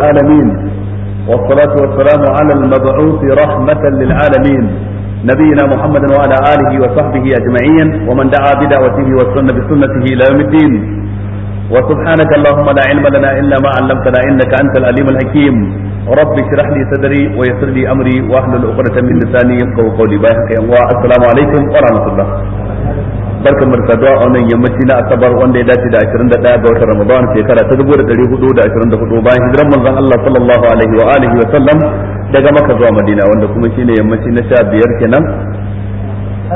العالمين والصلاة والسلام على المبعوث رحمة للعالمين نبينا محمد وعلى آله وصحبه أجمعين ومن دعا بدعوته والسنة بسنته إلى يوم الدين وسبحانك اللهم لا علم لنا إلا ما علمتنا إنك أنت العليم الحكيم رب اشرح لي صدري ويسر لي أمري واحلل عقدة من لساني يفقهوا قولي باهك السلام عليكم ورحمة الله barka mu da saduwa a wannan yammaci na asabar wanda ya dace da 21 ga watan ramadan shekara ta 1424 bayan hijiran manzon Allah sallallahu alaihi wa alihi wa sallam daga Makka zuwa Madina wanda kuma shine yammaci na 15 kenan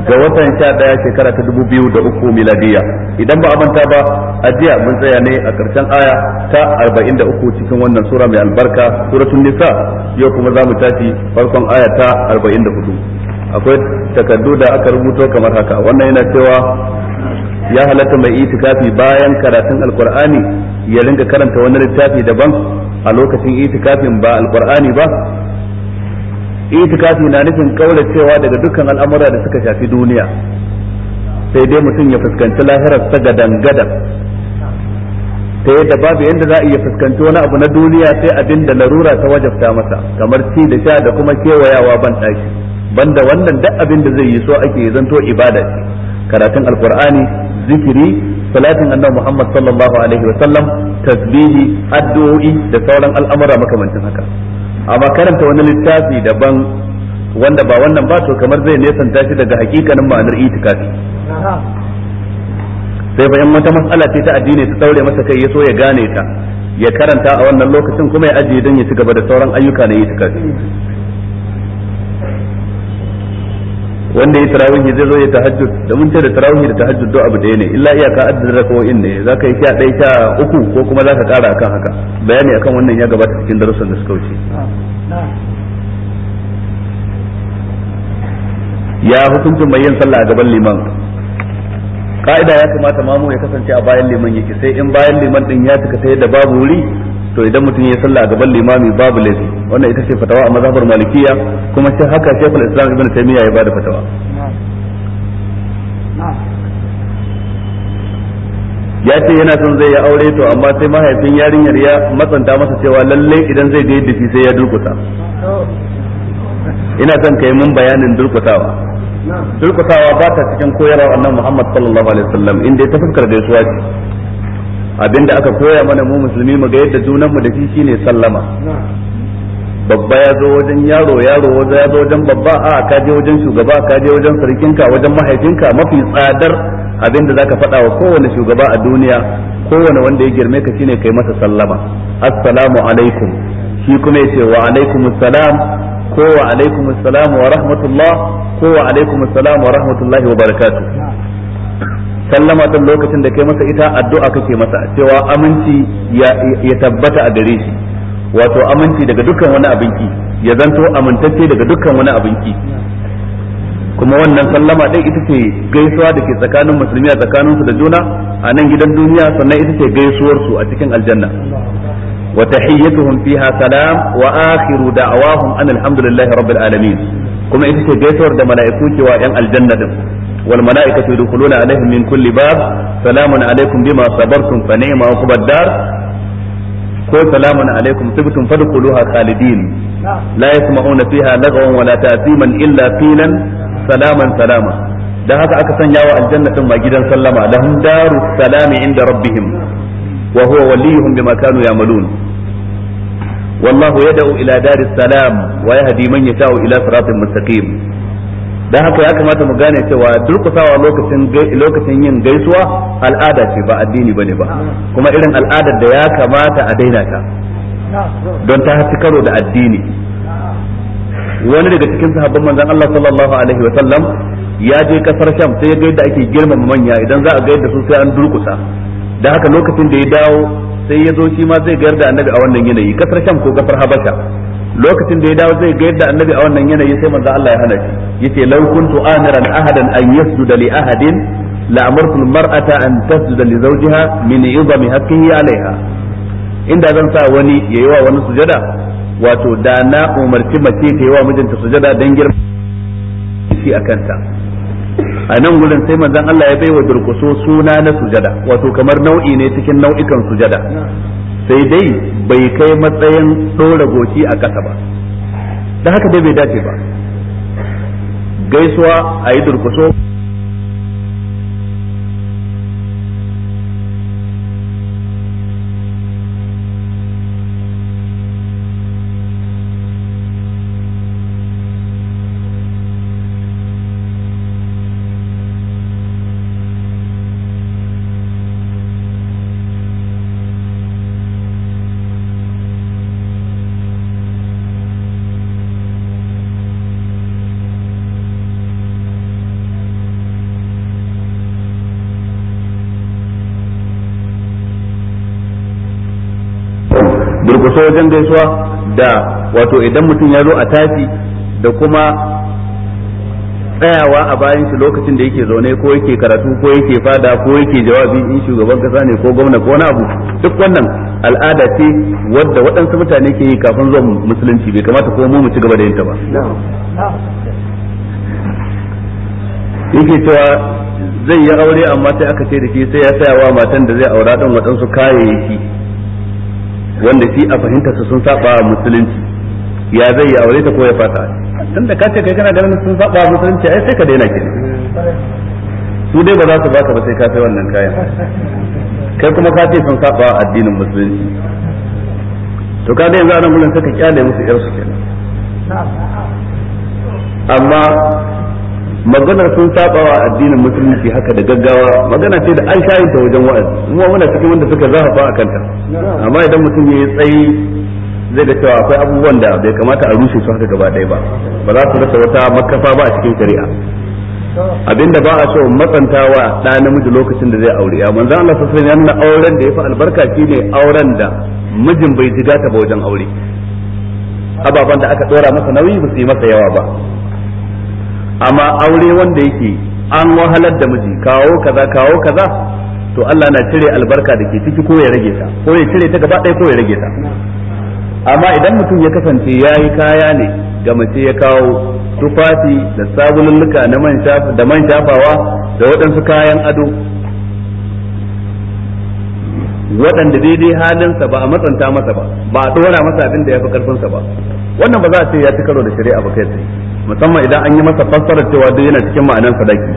ga watan 11 shekara ta 2003 miladiya idan ba a manta ba a jiya mun tsaya ne a karshen aya ta 43 cikin wannan sura mai albarka suratul nisa yau kuma za mu tafi farkon aya ta 44 akwai takardu da aka rubuto kamar haka wannan yana cewa ya halatta mai itikafi bayan karatun alkur'ani ya ringa karanta wani littafi daban a lokacin itikafin ba alkur'ani ba itikafi na nufin kaura cewa daga dukkan al'amura da suka shafi duniya sai dai mutum ya fuskanci lahirar ta gadangada, ta yadda babu yadda za a iya fuskanci wani abu na duniya sai abin da larura ta wajabta masa kamar ci da sha da kuma kewayawa ban ɗaki banda wannan duk abin da zai yi so ake zanto ibada ce karatun alqur'ani zikiri salatin annabi Muhammad sallallahu alaihi wa sallam tasbihi addu'o'i da sauran al'amura makamantan haka amma karanta wani littafi daban wanda ba wannan ba to kamar zai nesanta shi daga hakikanin ma'anar itikafi sai bayan wata mas'ala ce ta addini ta daure masa kai ya so ya gane ta ya karanta a wannan lokacin kuma ya ajiye don ya ci gaba da sauran ayyuka na itikafi wanda ya tarawih zai zo ya tahajjud da mun ce da tarawih da tahajjud do abu daya ne illa iyaka addin rakawoyin ne ka yi sha ɗaya sha uku ko kuma za ka ƙara akan haka bayani akan wannan ya gabata cikin darussan da suka wuce ya hukuncin mai yin sallah a gaban liman ka'ida ya kamata mamu ya kasance a bayan liman yake sai in bayan liman din ya cika sai da babu wuri to idan mutum ya sallah a gaban limami babu laifi wannan ita ce fatawa a mazhabar malikiya kuma sai haka shaykhul islam ibn taymiya ya da fatawa ya ce yana son zai ya aure to amma sai mahaifin yarinyar ya matsanta masa cewa lalle idan zai ga yadda sai ya durkusa ina son kai mun bayanin durkusawa durkusawa ba ta cikin koyarwa annabi Muhammad sallallahu alaihi wasallam inda ta fuskar gaisuwa ce abinda aka koya mana mu musulmi mu ga yadda junan mu da shi shine sallama babba ya zo wajen yaro yaro wajen ya zo wajen babba a ka je wajen shugaba ka je wajen sarkinka wajen mahaifinka mafi tsadar abin da zaka faɗa wa kowane shugaba a duniya kowane wanda ya girme ka shine kai masa sallama assalamu alaikum shi kuma yace wa alaikum salam ko wa alaikum assalam wa rahmatullah ko wa alaikum assalam wa rahmatullahi wa barakatuh sallama tun lokacin da kai masa ita addu'a kake masa cewa aminci ya tabbata a gare shi wato aminci daga dukkan wani abinki ya zanto amintacce daga dukkan wani abinki kuma wannan sallama ɗin ita ce gaisuwa da ke tsakanin musulmi a tsakanin su da juna a nan gidan duniya sannan ita ce gaisuwar su a cikin aljanna wa tahiyyatuhum fiha salam wa akhiru da'awahum an alhamdulillahi rabbil alamin kuma ita ce gaisuwar da mala'iku ke wa yan aljanna din wal mala'ikatu yadkhuluna alaihim min kulli bab salamun alaikum bima sabartum fa ni'ma uqbad dar ko salamun alaikum tibtum fadkhuluha khalidin la yasma'una fiha lagawan wala ta'siman illa qilan salaman salama dan haka aka sanya wa aljanna din ma gidan sallama lahum daru salami inda rabbihim wa huwa waliyuhum bima kanu ya'malun wallahu yad'u ila daris salam wa yahdi man yasha'u ila siratin mustaqim dan haka ya kamata mu gane cewa durkusawa lokacin lokacin yin gaisuwa al'ada ce ba addini bane ba kuma irin al'adar da ya kamata a daina ta don ta haci karo da addini wani daga cikin sahabban manzon Allah sallallahu alaihi wa sallam ya je kasar Sham sai ya ga yadda ake girmama manya idan za a ga yadda su sai an durkusa da haka lokacin da ya dawo sai ya zo shi ma zai ga yadda annabi a wannan yanayi kasar Sham ko kasar Habasha lokacin da ya dawo zai ga yadda annabi a wannan yanayi sai manzon Allah ya hana shi yace law kuntu amiran ahadan an yasjuda li ahadin la amartu almar'ata an tasjuda li zawjiha min izami haqqihi alayha inda zan sa wani yayi wa wani sujada wato da na umarci mace ta yi mijinta sujada dan girma shi kanta a nan gurin sai manzon Allah ya baiwa durkuso suna na sujada wato kamar nau'i ne cikin nau'ikan sujada sai dai bai kai matsayin dora goci a ƙasa ba da haka dai bai dace ba gaisuwa a yi durkuso wajen gaisuwa da wato idan mutum ya zo a tafi da kuma tsayawa a bayan shi lokacin da yake zaune ko yake karatu ko yake fada ko yake jawabi in shugaban kasa ne ko gwamna ko wani abu duk wannan al'ada ce wadda waɗansu mutane ke yi kafin zuwa musulunci bai kamata ko mu ci gaba da yin ta ba yake cewa zai yi aure amma sai aka ce da shi sai ya tsayawa matan da zai aura ɗan waɗansu kayayyaki wanda shi a fahimtarsa sun saba musulunci ya zai ya aure ta ko ya fata tun da ce kai kana ganin sun saba musulunci ai sai ka daina ke su dai ba za su baka ba sai ka sai wannan kayan kai kuma ka ce sun saba addinin musulunci to ka yanzu anan gurin saka kyale musu yarsu kenan amma maganar sun sabawa addinin musulunci haka da gaggawa magana ce da an shayin ta wajen wa'azi kuma muna cikin wanda suka zahafa a kanta amma idan mutum ya yi tsayi zai ga cewa akwai abubuwan da bai kamata a rushe su haka gaba ɗaya ba ba za su rasa wata makafa ba a cikin shari'a abinda ba a so matsantawa ɗa namiji lokacin da zai aure amma zan Allah sassan ya nuna auren da ya fi albarka ne auren da mijin bai jigata ba wajen aure ababen da aka ɗora masa nauyi ba su yi masa yawa ba amma aure wanda yake an wahalar da miji kawo kaza kawo kaza to Allah na cire albarka da ke ciki ko ya rage ta ko ya cire ta gaba ɗaya ko ya rage ta amma idan mutum ya kasance ya yi kaya ne ga mace ya kawo tufafi da sabululluka da man shafawa da waɗansu kayan ado waɗanda daidai halinsa ba a matsanta masa ba ba a ɗora masa abin da ya fi ƙarfinsa ba wannan ba za a ce ya ci karo da shari'a ba kai tsaye musamman idan an yi masa fassarar cewa duk yana cikin ma'anar sadaki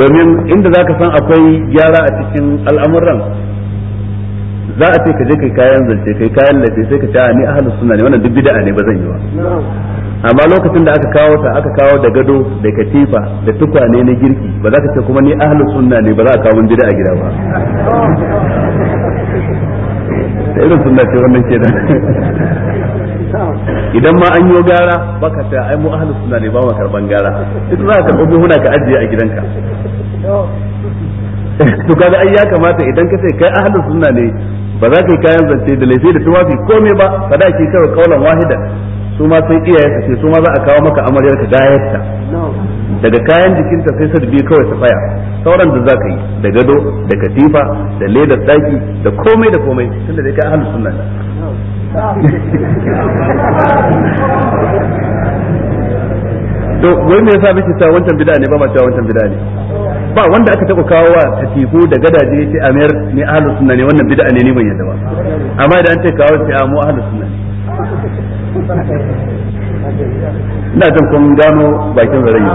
domin inda zaka san akwai gyara a cikin al'amuran za a ce ka je kai kayan zance kai kayan lafi sai ka ce ni ahlus sunna ne wannan duk bid'a ne ba zan yi ba amma lokacin da aka kawo ta aka kawo da gado da katifa da tukwane na girki ba za ka ce kuma ni ahlus sunna ne ba za a kawo bid'a gida ba irin sunna ce wannan ke da idan ma an yi gara baka ta ai mu ahlus sunna ne ba ma karban gara duk za ka karbi huna ka ajiye a gidanka to kaga ai ya kamata idan ka ce kai ahlus sunna ne ba za ka yi kayan zance da laifi da tuwafi komai ba ka da ke kawai kaulan wahida su ma sai iyaye ka ce su ma za a kawo maka amaryar ka gayarta daga kayan jikinta sai sa biyu kawai ta tsaya sauran da za ka yi da gado da katifa da ledar daki da komai da komai tunda dai kai ahlus sunna ne to wai me yasa muke cewa wancan bid'a ne ba ba cewa wancan bid'a ne ba wanda aka taba kawo wa katifu da gadaje sai amir ne ahlus sunna ne wannan bid'a ne ni ban yadda ba amma idan an ce kawo sai amu ahlus sunna ne ina jin kun gano bakin zarayi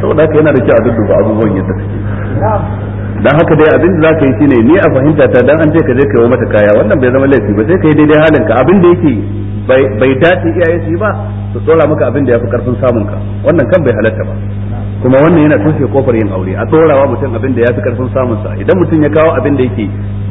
saboda haka yana da kyau a dudduba abubuwan yadda take dan haka dai abin da zaka yi shine ni a fahimta ta dan an ce ka je ka yi mata kaya wannan bai zama laifi ba sai ka yi daidai halin ka abin da yake bai dace iyaye su ba su tsora maka abin da yafi karfin samun ka wannan kan bai halatta ba kuma wannan yana tushe kofar yin aure a tsorawa mutum abin da ya karfin samun sa idan mutum ya kawo abin da yake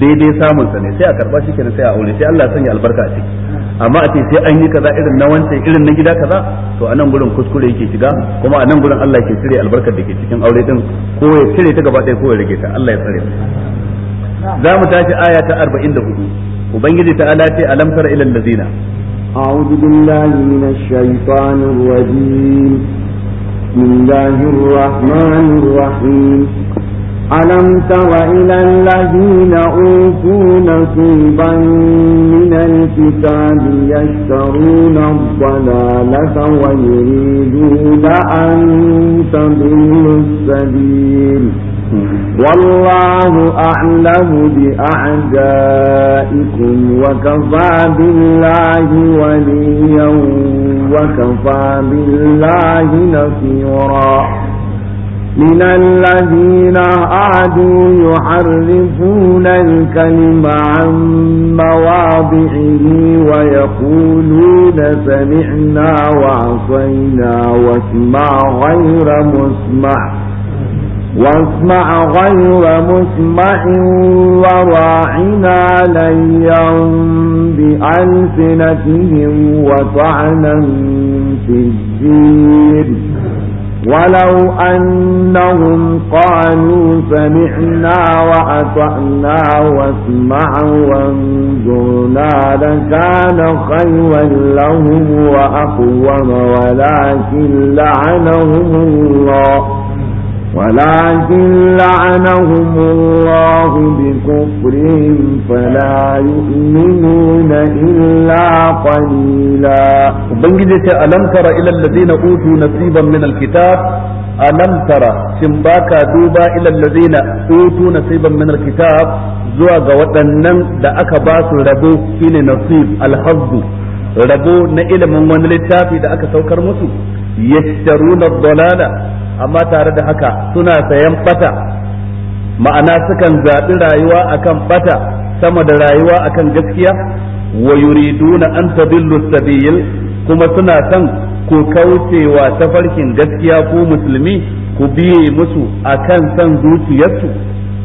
daidai samun sa ne sai a karba shi kenan sai a aure sai Allah ya sanya albarka a ciki amma a ce sai an yi kaza irin na wancan irin na gida kaza to a nan gurin kuskure yake shiga kuma a nan gurin Allah ke cire albarkar da ke cikin aure din ko ya cire ta gaba ɗaya ko ya rage ta Allah ya tsare za mu tashi aya ta da 44 ubangiji ta ala ce alam tara ilal ladina أعوذ بالله من الشيطان الرجيم بسم الله ألم تر إلى الذين أوتوا نصيبا من الكتاب يشترون الضلالة ويريدون أن تضلوا السبيل والله أعلم بأعدائكم وكفى بالله وليا وكفى بالله نصيرا من الذين أعدوا يحرفون الكلم عن مواضعه ويقولون سمعنا وعصينا واسمع غير مسمع واسمع غير مسمع وراعنا ليا بألسنتهم وطعنا في الدين ولو أنهم قالوا سمعنا وأطعنا واسمع وانظرنا لكان خيرا لهم وأقوم ولكن لعنهم الله ولكن لعنهم الله بكفرهم فلا يؤمنون إلا قليلا وبنجد ألم تر إلى الذين أوتوا نصيبا من الكتاب ألم تر شمباكا دوبا إلى الذين أوتوا نصيبا من الكتاب زواج وطنن دا أكباس ربو إلى نصيب الحظ ربو نئل من ونلتافي دا أكا سوكر مسو يشترون الضلالة amma tare da haka suna sayan bata ma'ana sukan zaɓi rayuwa akan bata sama da rayuwa akan gaskiya wa yuriduna an tadillu sabil kuma suna son ku kaucewa tafarkin gaskiya ku musulmi ku biye musu akan san zuciyarsu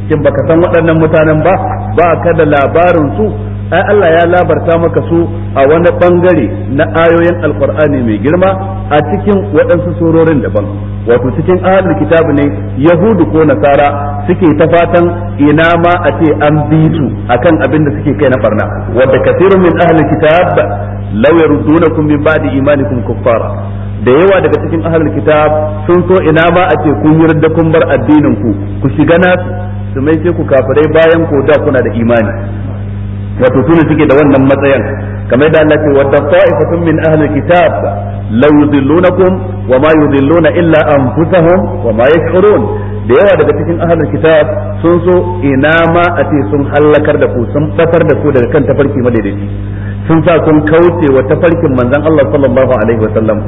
kin baka san waɗannan mutanen ba ba ka da labarin su ai Allah ya labarta maka su a wani bangare na ayoyin alkur'ani mai girma a cikin waɗansu surorin daban wato cikin ahalin kitabu ne yahudu ko nasara suke ta fatan ina ma a ce an bi su akan abin da suke kai na barna Wadda kathirun min ahalin kitab law ba da ba'di imanikum kuffara da yawa daga cikin ahalin kitab sun so ina ma a ce kun yarda kun bar addinin ku ku shiga nasu su mai ku kafirai bayan ko da kuna da imani wato tuna suke da wannan matsayin kamar yadda Allah ce wadda ta'ifatun min ahli kitab law yudillunakum wa ma yudilluna illa anfusahum wa ma da yawa daga cikin ahli kitab sun so ina ma a ce sun hallakar da ku sun fatar da ku daga kan tafarki madaidaici sun sa kun kauce wa tafarkin manzon Allah sallallahu alaihi wa sallam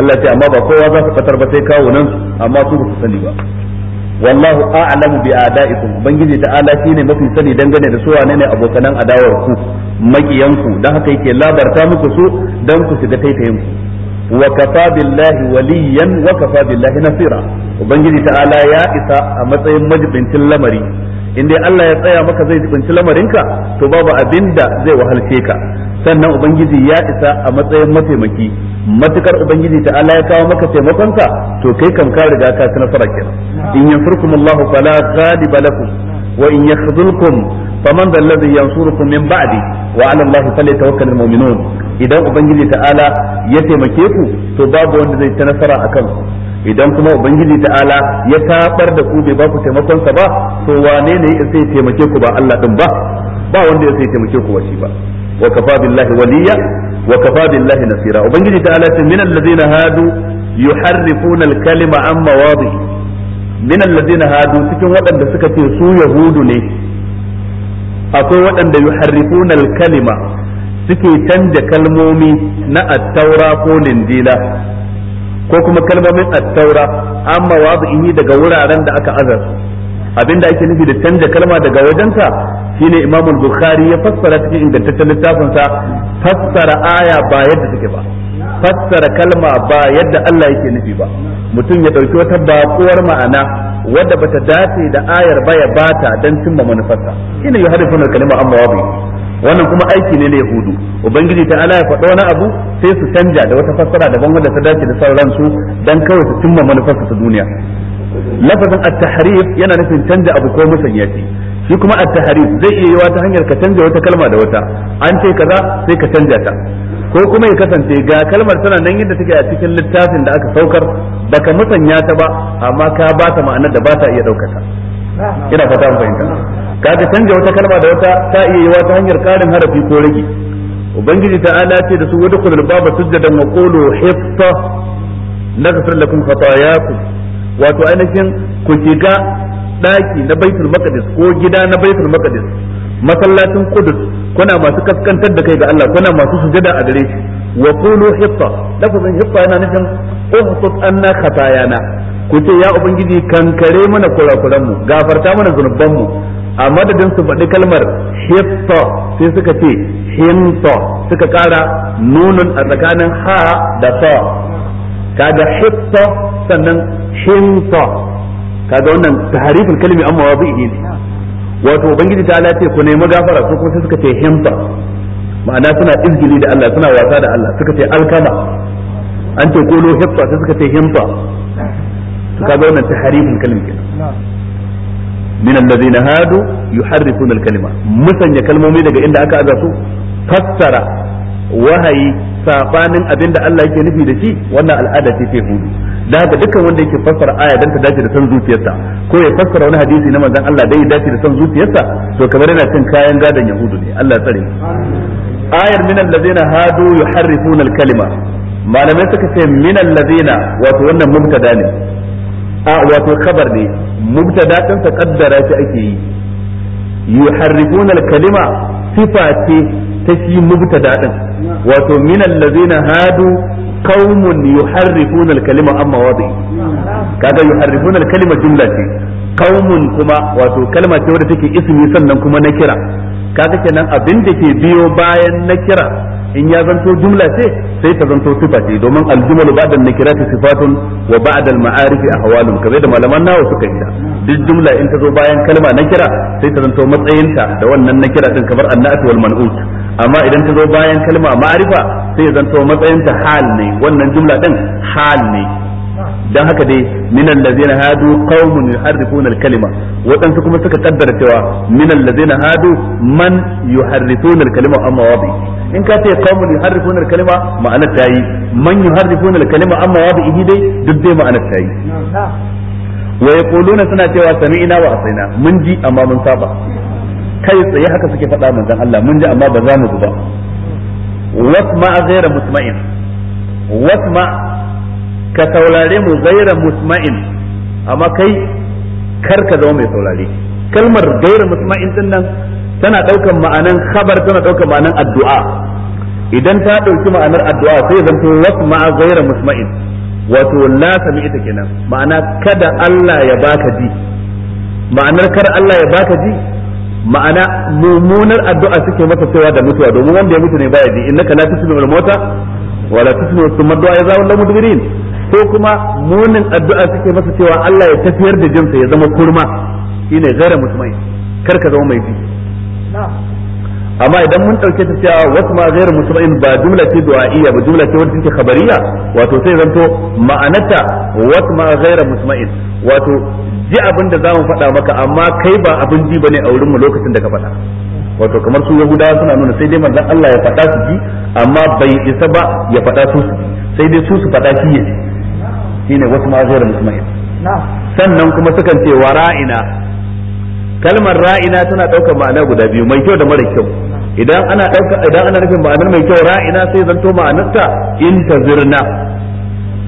Allah ce amma ba kowa za su fatar ba sai kawo nan amma su ba su sani ba wallahu a'lamu bi a'da'ikum ubangiji ta'ala shine mafi sani dangane da su wane ne abokanan adawar ku makiyanku dan haka yake labarta muku su dan ku shiga taitayin ku wa kafa billahi waliyan wa kafa billahi nasira ubangiji ta'ala ya isa a matsayin majibincin lamari in dai Allah ya tsaya maka zai jibinci lamarinka to babu abin da zai wahalce ka sannan ubangiji ya isa a matsayin mataimaki matukar ubangiji ta Allah ya kawo maka taimakonka to kai kam ka riga ka ci nasara kenan in yanfurkum Allah fala ghaliba lakum wa in yakhzulkum faman dhal ladhi yansurukum min ba'di wa 'ala Allah falyatawakkalul mu'minun idan ubangiji ta'ala ya taimake ku to babu wanda zai ta nasara akan ku idan kuma ubangiji ta'ala ya tabar da ku bai ba ku taimakon sa ba to wane ne ya sai taimake ku ba Allah din ba ba wanda ya sai taimake ku washi ba wa kafa billahi waliya wa kafa billahi nasira ubangiji ta'ala ce min alladhina hadu yuharrifuna al-kalima an mawadihi min alladhina hadu cikin waɗanda suka ce su yahudu ne akwai waɗanda yuharrifuna al-kalima suke canja kalmomi na at-taura ko linjila ko kuma kalmomin attaura taura amma wadihi daga wuraren da aka azarsu abinda ake nufi da canja kalma daga wajensa shine Imam Bukhari ya fassara cikin ingantaccen littafin sa fassara aya ba yadda take ba fassara kalma ba yadda Allah yake nufi ba mutum ya dauki wata bakuwar ma'ana wadda bata dace da ayar ba ya bata dan cimma manufarsa shine yuharifuna kalima amma wadihi wannan kuma aiki ne na yahudu ubangiji ta ala ya faɗo wani abu sai su canja da wata fassara daban wanda ta dace da sauran su dan kawai su cimma su ta duniya lafazin at-tahrif yana nufin canja abu ko musanya shi shi kuma at-tahrif zai iya yiwa ta hanyar ka canja wata kalma da wata an ce kaza sai ka canja ta ko kuma ya kasance ga kalmar tana nan yadda take a cikin littafin da aka saukar baka musanya ta ba amma ka ba ta ma'anar da ba ta iya ɗaukata ina fata fahimta kaga canja wata kalma da wata ta iya yiwa ta hanyar karin harafi ko rage ubangiji ta'ala ce da su wa dukhulul baba sujadan wa qulu hitta naghfir lakum khatayakum wato ainihin ku shiga daki na baitul maqdis ko gida na baitul maqdis masallacin qudus kuna masu kaskantar da kai ga Allah kuna masu sujada a gare shi wa qulu hitta lafazin hifta yana nufin uhsut anna khatayana ku ce ya ubangiji kankare mana kurakuran mu gafarta mana zunubanmu. a madadin su faɗi kalmar hitta sai suka ce hinto suka ƙara nunun a tsakanin ha da Ka kaga hitta sannan ka kaga wannan taharifin kalmi amma wa zai ne wato ubangiji ta ce ku nemi gafara ko kuma sai suka ce hinto ma'ana suna izgili da Allah suna wasa da Allah suka ce alkama an ce kolo hitta sai suka ce hinta kaga wannan taharifin kalmi kenan Mina alladhina hadu yuharrifuna al-kalima musanya kalmomi daga inda aka aza su fassara wahayi safanin abinda Allah yake nufi da shi wannan al'ada ce ta hudu da haka dukkan wanda yake fassara aya dan ta dace da san zuciyarsa ko ya fassara wani hadisi na manzon Allah dai ya dace da san zuciyarsa to kamar yana cin kayan gadon yahudu ne Allah tsare ayar min alladhina hadu yuharrifuna al-kalima malamai suka ce min alladhina wato wannan mubtada ne a wato khabar ne mubtada din shi ake yi yuharrifuna kalima sifa ce ta shi mubtada din wato min allazina hadu qaumun yuharrifuna al-kalima amma wadi kaga yuharrifuna al-kalima jumla ce qaumun kuma wato kalma ce wadda take ismi sannan kuma na kira kaga kenan abin da ke biyo bayan na kira in ya zanto jumla ce sai ta zanto sifa ce domin aljumal ba'da nakirati sifatun wa ba'da al-ma'arifi ahwalun kamar da malaman nawa suka yi duk jumla in ta zo bayan kalma nakira sai ta zanto matsayinta da wannan nakira din kamar annatu wal man'ut amma idan ta zo bayan kalma ma'arifa sai ya zanto matsayinta hal ne wannan jumla din hal ne dan haka dai minan minal ladzina hadu qaumun yuharrifuna al-kalima waɗansu kuma suka kaddara cewa minal ladzina hadu man yuharrifuna al-kalima amma wadi in ka ce qaumun yuharrifuna al-kalima ma'anar yi man yuharrifuna al-kalima amma wadi dai duk dai ma'anar tayi wa yaquluna suna cewa ina wa asaina mun ji amma mun saba kai tsaye haka suke faɗa mun manzon Allah mun ji amma ba za mu ba wasma ghayra musma'in wasma ka saurare mu gaira musma'in amma kai kar ka zama mai saurare kalmar gaira musma'in din nan tana daukan ma'anan khabar tana daukan ma'anan addu'a idan ta dauki ma'anar addu'a sai zanto wasma gaira musma'in wato la sami'ta kenan ma'ana kada Allah ya baka ji ma'anar kar Allah ya baka ji ma'ana mummunar addu'a suke mata cewa da mutuwa domin wanda ya mutu ne baya ji innaka la tusmi'ul mauta wala tusmi'u summa du'a ya zawo lamudbirin ko kuma munin addu'a suke masa cewa Allah ya tafiyar da jinsa ya zama kurma shine gaira mutmain kar ka zama mai bi amma idan mun dauke ta cewa wasu ma gaira mutmain ba jumla ce du'a'iyya ba jumla ce wadda take khabariya wato sai zanto ma'anata wasu ma gaira mutmain wato ji abin da zamu faɗa maka amma kai ba abin ji bane a wurin mu lokacin da ka faɗa wato kamar su yahudawa suna nuna sai dai manzon Allah ya faɗa su ji amma bai isa ba ya faɗa su su sai dai su su faɗa shi ya shine wasu ma rubuta mai sannan kuma sukan ce wa ra'ina kalmar ra'ina tana daukar ma'ana guda biyu mai kyau da mara kyau idan ana dauka idan ana nufin ma'anar mai kyau ra'ina sai zanto ma'anarta intazirna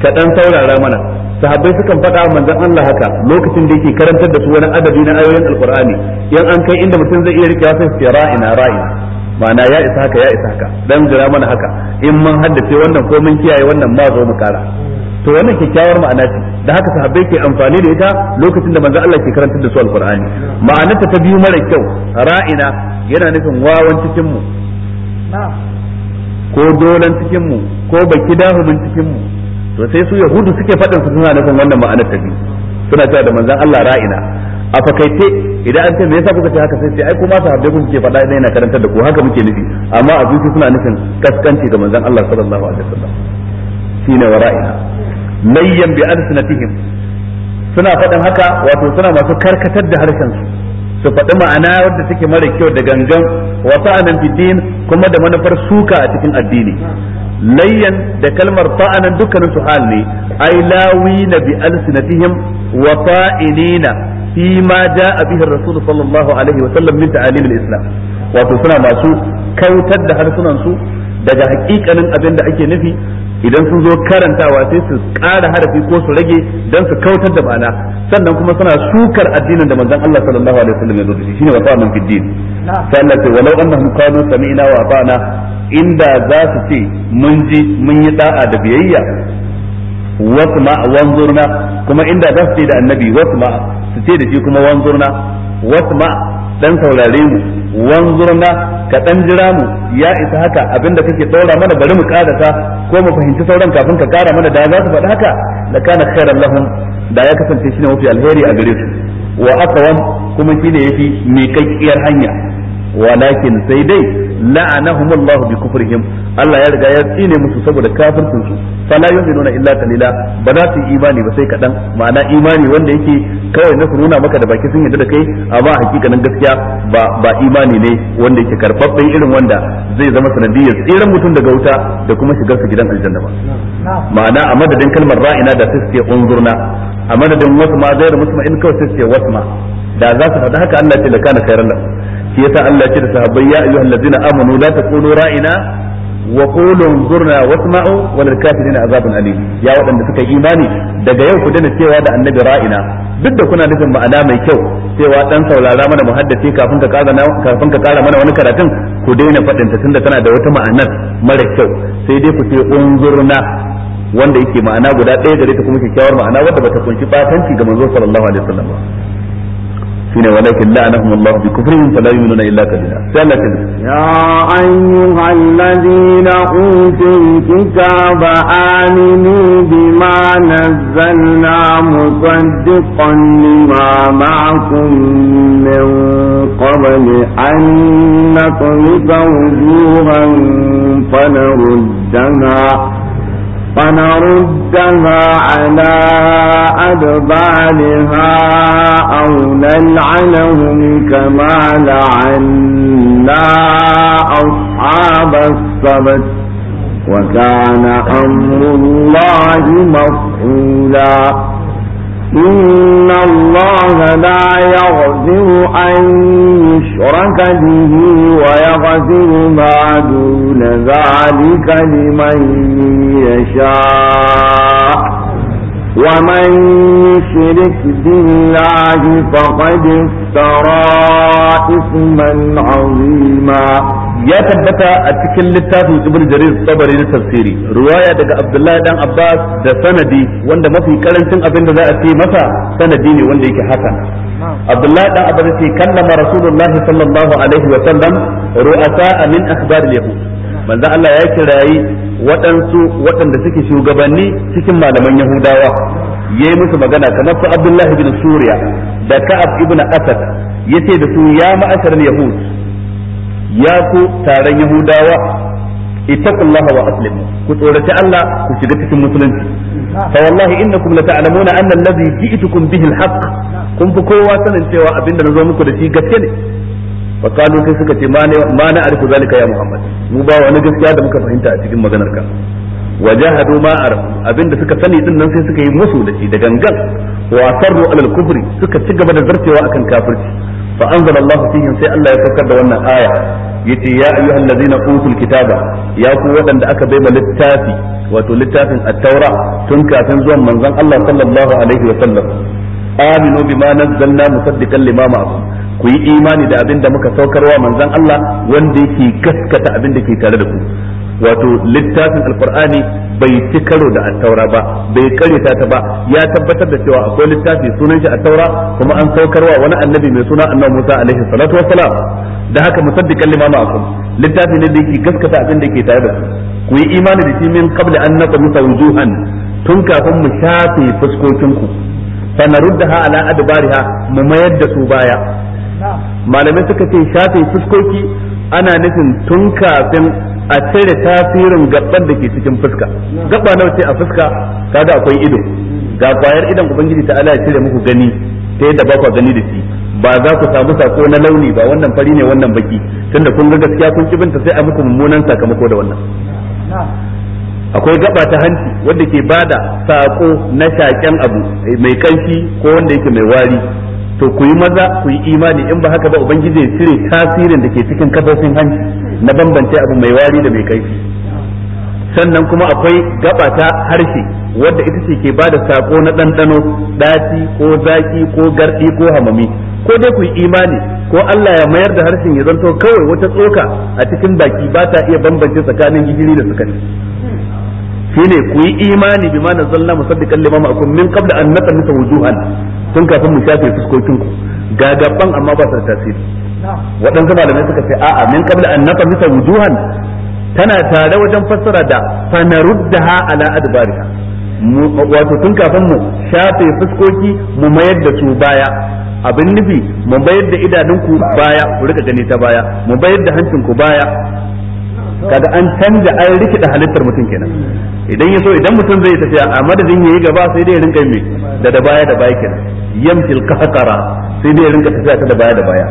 ka dan saurara mana sahabbai sukan faɗa wa manzon Allah haka lokacin da yake karantar da su wani adabi na ayoyin alqur'ani yan an kai inda mutum zai iya rikewa sai su ra'ina ra'ina ma'ana ya isa haka ya isa haka dan jira mana haka in mun haddace wannan ko mun kiyaye wannan ma zo mu kara to wannan kyakkyawar ma'ana ce da haka sahabbai ke amfani da ita lokacin da manzo Allah ke karantar da su alqur'ani ma'ana ta biyu mara kyau ra'ina yana nufin wawan cikin mu ko dolan cikin mu ko baki dahumin cikin mu to sai su yahudu suke fadin su suna nufin wannan ma'anar ta biyu suna cewa da manzon Allah ra'ina a fakaice idan an ce me yasa kuka ce haka sai sai ai kuma sahabbai kun ke faɗa idan yana karantar da ku haka muke nufi amma a zuci suna nufin kaskanci ga manzon Allah sallallahu alaihi wasallam shine wara'ina layyan bi alsinatihim suna faɗin haka wato suna masu karkatar da harshen su su faɗi ma'ana wanda take mara kyau da gangan wa ta'anan fitin kuma da manufar suka a cikin addini layyan da kalmar ta'anan dukkanin su hal ne ai lawina bi alsinatihim wa ta'inina fi ma ja'a bihi rasul sallallahu alaihi wa sallam min ta'alim al-islam wato suna masu kautar da harsunan su daga hakikanin abin da ake nufi idan sun zo karantawa sai su ƙara harafi ko su rage don su kautar da ma'ana sannan kuma suna sukar addinin da manzon Allah sallallahu alaihi wasallam ya zo da shi shine wata man fiddin sai Allah ce walau annahum qalu sami'na wa ata'na inda za su ce mun ji mun yi da'a da biyayya wasma wanzurna kuma inda za su ce da annabi wasma su ce da shi kuma wanzurna wasma dan saurare mu wanzurna ka dan jira mu ya isa haka abinda kake daura mana bari mu karata ko mu fahimci sauran kafin ka kara mana da za su faɗi haka la kana khairan lahum da ya kasance shine mafi alheri a gare su wa aqwam kuma shine yafi miƙaƙƙiyar hanya walakin sai dai la'anahumullahu bi kufrihim Allah ya riga ya tsine musu saboda kafircin su fala nuna illa qalila ba za su yi imani ba sai kaɗan ma'ana imani wanda yake kawai na nuna maka da baki sun yadda da kai amma hakikanin gaskiya ba imani ne wanda yake karfaffe irin wanda zai zama sanadiyar tseren mutum daga wuta da kuma shigar su gidan aljanna ba ma'ana a madadin kalmar ra'ina da sai suke unzurna a madadin wasu ma zai mutum in kawai sai suke wasu ma da za su faɗa haka Allah ce da kana khairan lahu shi Allah ce da sahabbai ya ayyuhallazina amanu la taqulu ra'ina wa qulu zurna wasma'u wal kafirina azabun alim ya waɗanda suka imani daga yau ku dana cewa da annabi ra'ina duk da kuna nufin ma'ana mai kyau cewa dan saurara mana muhaddisi kafin ka kaza kafin ka kara mana wani karatun ku daina faɗin ta tunda tana da wata ma'anar mara kyau sai dai ku ce unzurna wanda yake ma'ana guda ɗaya gare ta kuma kyakkyawar ma'ana wadda bata kunshi batanci ga manzo sallallahu alaihi wasallam شنو ولكن لعنهم الله بكفرهم فلا يؤمنون الا قليلا يا ايها الذين اوتوا الكتاب امنوا بما نزلنا مصدقا لما معكم من قبل ان نطلب وجوها فنردها فنردها على أدبارها أو نلعنهم كما لعنا أصحاب السبت وكان أمر الله مفعولا إن الله لا يغفر أن يشرك به ويغفر ما دون ذلك لمن يشاء ومن يشرك بالله فقد افترى إثما عظيما ya tabbata a cikin littafin ibnu jarir tabari na tafsiri ruwaya daga abdullahi dan abbas da sanadi wanda mafi karancin abinda za a ce masa sanadi ne wanda yake hakan abdullahi dan abbas ce kallama rasulullahi sallallahu alaihi wa sallam ru'asa min akhbar yahud manzo Allah ya kirayi waɗansu waɗanda suke shugabanni cikin malaman yahudawa ya yi musu magana kamar su abdullahi bin suriya da ka'ab ibn asad yace da su ya ma'asharal yahud ya ku taron yahudawa ittaqullaha wa aslimu ku tsoraci Allah ku shiga cikin musulunci fa wallahi innakum la ta'lamuna anna allazi ji'tukum bihi al-haqq kun fi kowa sanin cewa abinda nazo muku da shi gaske ne fa kalu kai suka ce ma na arifu zalika ya muhammad mu ba wani gaskiya da muka fahimta a cikin maganar ka wajahadu ma arafu abinda suka sani din nan sai suka yi musu da shi da gangan wa sarru alal kufri suka ci gaba da zartewa akan kafirci fa anzala Allah sai Allah ya saukar da wannan aya yace ya ayyuhal ladzina utul kitaba ya ku waɗanda aka baiwa littafi wato littafin at-taura tun kafin zuwan manzon Allah sallallahu alaihi wa sallam aminu bima nazzalna musaddiqan lima ma'akum ku yi imani da abin da muka saukarwa manzon Allah wanda yake gaskata abin da ke tare da ku wato littafin alkur'ani bai ci karo da attaura ba bai karyata ta ba ya tabbatar da cewa akwai littafi sunan shi attaura kuma an saukarwa wani annabi mai suna annabi Musa alaihi salatu wassalam da haka musaddiqan lima ma'akum littafi ne da yake gaskata abin da yake tare da ku yi imani da shi min qabla an naqmusa wujuhan tun kafin mu shafe fuskokin ku fa naruddaha ala adbariha mu mayar da su baya malamai suka ce shafe fuskoki ana nufin tun kafin a cire tasirin gaban da ke cikin fuska gaba nawa ce a fuska kaga akwai ido ga kwayar idan ubangiji ta ala ya cire muku gani ta yadda ba ku gani da shi ba za ku samu sako na launi ba wannan fari ne wannan baki tunda kun ga gaskiya kun ki binta sai a muku mummunan sakamako da wannan akwai gaba ta hanci wanda ke bada sako na shaken abu eh, mai kanki ko wanda yake mai wari to ku yi maza ku yi imani in ba haka ba ubangiji ya cire tasirin da ke cikin kafofin hanci na bambance abu mai wari da mai kaifi sannan kuma akwai gaba ta harshe wadda ita ce ke bada sako na ɗanɗano ɗaci ko zaki ko garɗi ko hamami ko dai ku yi imani ko Allah ya mayar da harshen ya zanto kawai wata tsoka a cikin baki ba ta iya bambance tsakanin gishiri da sukari shine ku yi imani bi bima nazzalna musaddiqan lima ma'akum min qabl an naqmisa wujuhan tun kafin mu shafe fuskokin ku ga gaban amma ba ta tasiri waɗansu malamai suka ce a'a min qabla an nafhisa wujuhan tana tare wajen fassara da fanaruddaha ala adbariha wato tun kafin mu shafe fuskoki mu mayar da su baya abin nufi mu bayar da idanunku baya ku rika gani ta baya mu bayar da ku baya kaga an canza an rikida halittar mutum kenan idan so idan mutum zai tafiya a madadin yayi gaba sai dai rinka mai da da baya da baya kenan yamtil qahqara sai dai rinka tafiya ta da baya da baya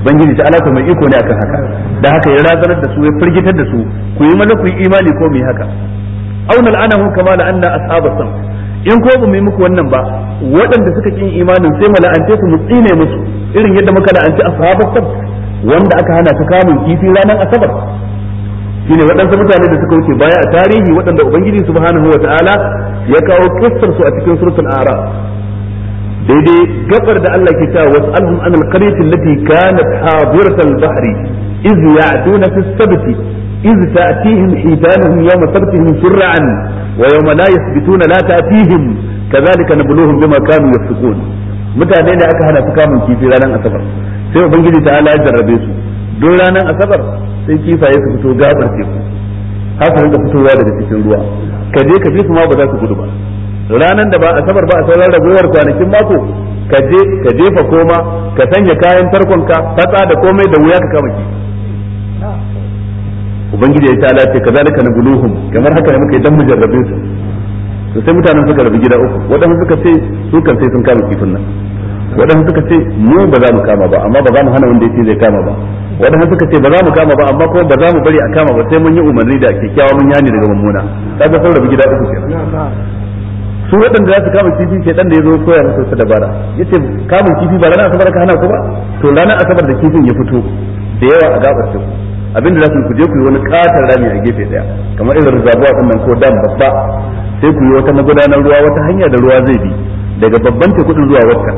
ubangiji ta alaka mai iko ne akan haka da haka ya razanar da su ya firgitar da su ku yi mana ku yi imani ko mai yi haka aw nal'anahu kama la'anna ashabas sam in ko ba mu yi muku wannan ba waɗanda suka kin imanin sai mu la'ante su mu tsine musu irin yadda muka la'anci ashabas sam wanda aka hana ta kamun kifi ranar asabar shine waɗansu mutane da suka wuce baya a tarihi waɗanda ubangiji subhanahu wataala ya kawo kissar su a cikin suratul a'raf daidai gabar da Allah ke cewa was'alhum anil qaryati allati kanat hadirat al-bahr iz ya'tuna fi as-sabt iz ta'tihim hitanuhum yawma sabtihim shur'an wa yawma la yathbituna la ta'tihim kadhalika nabluhum bima kanu yafsukun mutane ne aka hana su kamun kifi ranar asabar sai ubangiji ta ala ya jarrabe su don ranar asabar sai kifaye su fito gabar teku haka da fitowa daga cikin ruwa ka je ka bi su ma ba za su gudu ba ranan da ba a sabar ba a sauran ragowar kwanakin mako ka je ka jefa koma ka sanya kayan tarkonka fatsa da komai da wuya ka kama ki ubangiji ya ta zalika na nabuluhum kamar haka ne muka yi dan mujarrabin su to sai mutanen suka rabu gida uku waɗansu suka ce su kan sai sun kama kifin nan waɗansu suka ce mu ba za mu kama ba amma ba za mu hana wanda ya ce zai kama ba waɗansu suka ce ba za mu kama ba amma kuma ba za mu bari a kama ba sai mun yi umarni da kyakkyawa mun yani daga mummuna kaga sun rabu gida uku kenan su waɗanda za su kama kifi ke dan da ya zo koya musu su dabara yace kamun kifi ba ranar asabar ka hana ku ba to ranar asabar da kifin ya fito da yawa a gabar teku abinda za ku je ku yi wani katar rami a gefe daya kamar irin rizabuwa din ko dam babba sai ku yi wata magudanar ruwa wata hanya da ruwa zai bi daga babban teku din zuwa wata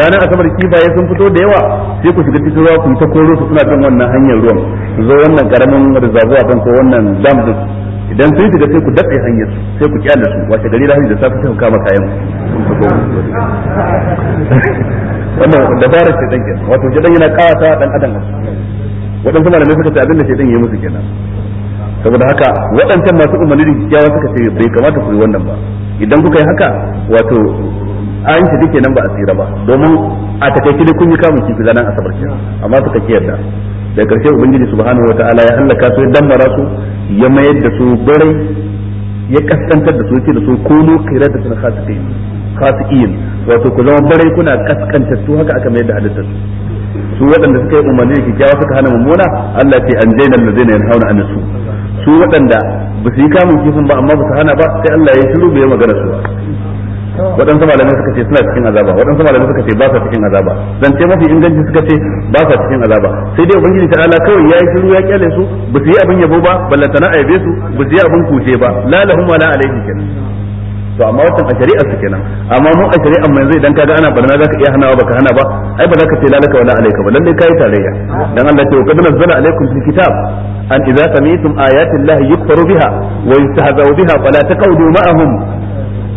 ranar asabar kifaye sun fito da yawa sai ku shiga cikin ruwa ku yi ta koro su suna bin wannan hanyar ruwan zo wannan karamin rizabuwa din ko wannan dam din idan sun shiga sai ku datse hanyar sai ku kyale su wace gari da da safi sai kama kayan wannan dabarar ce danke wato shedan yana kawata dan adam waɗansu malamai suka ce abin da shedan yayi musu kenan saboda haka waɗancan masu umarni da kyakkyawa suka ce bai kamata ku yi wannan ba idan kuka yi haka wato an shi nan ba a tsira ba domin a takaice dai kun yi kamun kifi ranar asabar kenan amma suka kiyarda da karshe ubangiji subhanahu wataala ya halaka su ya dammara su ya mayar da su barai ya kaskantar da su yake da su kunu qiradatan khasiqin khasiqin wato ku zama barai kuna kaskantar su haka aka mayar da halittar su su waɗanda suka yi umarni da kyakkyawa suka hana mummuna Allah ce an zainal ladzina yanhauna an su su waɗanda ba su yi kamun kifin ba amma ba su hana ba sai Allah ya shiru bai magana su ba waɗansu malamai suka ce suna cikin azaba waɗansu malamai suka ce ba sa cikin azaba zance mafi inganci suka ce ba sa cikin azaba sai dai ubangiji ta ala kawai ya yi shiru ya kyale su ba su yi abin yabo ba ballantana a yabe su ba su yi abin kushe ba la lahum wala alaihim kenan to amma wannan a shari'ar su kenan amma mu a shari'ar mu yanzu idan kaga ana barna zaka iya hanawa baka hana ba ai ba zaka ce lalaka wala alayka ba lalle kai tarayya dan Allah ce qad nazzala alaykum fil kitab an idza sami'tum ayati llahi yukfaru biha wa yustahza'u biha fala taqudu ma'ahum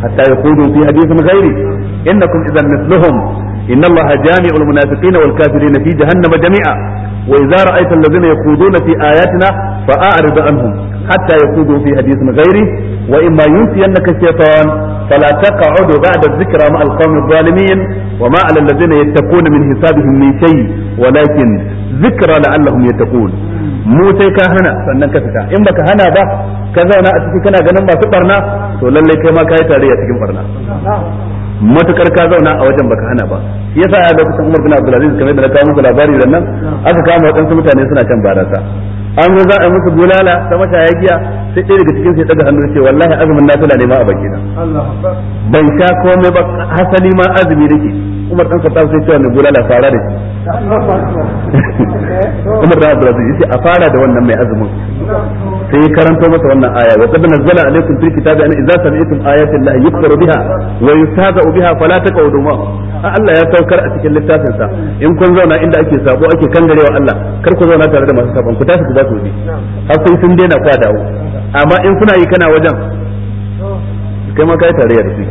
حتى يقولوا في حديث غيري إنكم إذا مثلهم إن الله جامع المنافقين والكافرين في جهنم جميعا وإذا رأيت الذين يخوضون في آياتنا فأعرض عنهم حتى يخوضوا في حديث غيره وإما ينسينك الشيطان فلا تقعد بعد الذكرى مع القوم الظالمين وما على الذين يتقون من حسابهم من شيء ولكن ذكرى لعلهم يتقون mu sai ka hana sannan ka fita in baka hana ba ka zauna a ciki kana ganin masu barna to lalle kai ma kai a cikin barna matukar ka zauna a wajen baka hana ba shi yasa a lokacin Umar bin Abdul Aziz kamar da na kawo muku labari da nan aka kama wadansu mutane suna can barasa an zo za a musu bulala ta ya giya sai ɗaya daga cikin sai daga hannu ce wallahi azumin na ne ma a bakina ban sha komai ba hasali ma azumi nake Umar dan Khattab sai cewa ne bulala fara da Umar dan Abdulaziz yace a fara da wannan mai azumin sai ya karanto masa wannan aya wa qad nazzala alaykum fil kitabi an idza sami'tum ayatin la yukfaru biha wa yustahza'u biha fala taqawdu ma Allah ya saukar a cikin littafin sa in kun zauna inda ake sabo ake kangarewa Allah kar ku zauna tare da masu sabon ku tafi ku ba su bi har sai sun daina kwa dawo amma in kuna yi kana wajen kai ma kai tarayya da su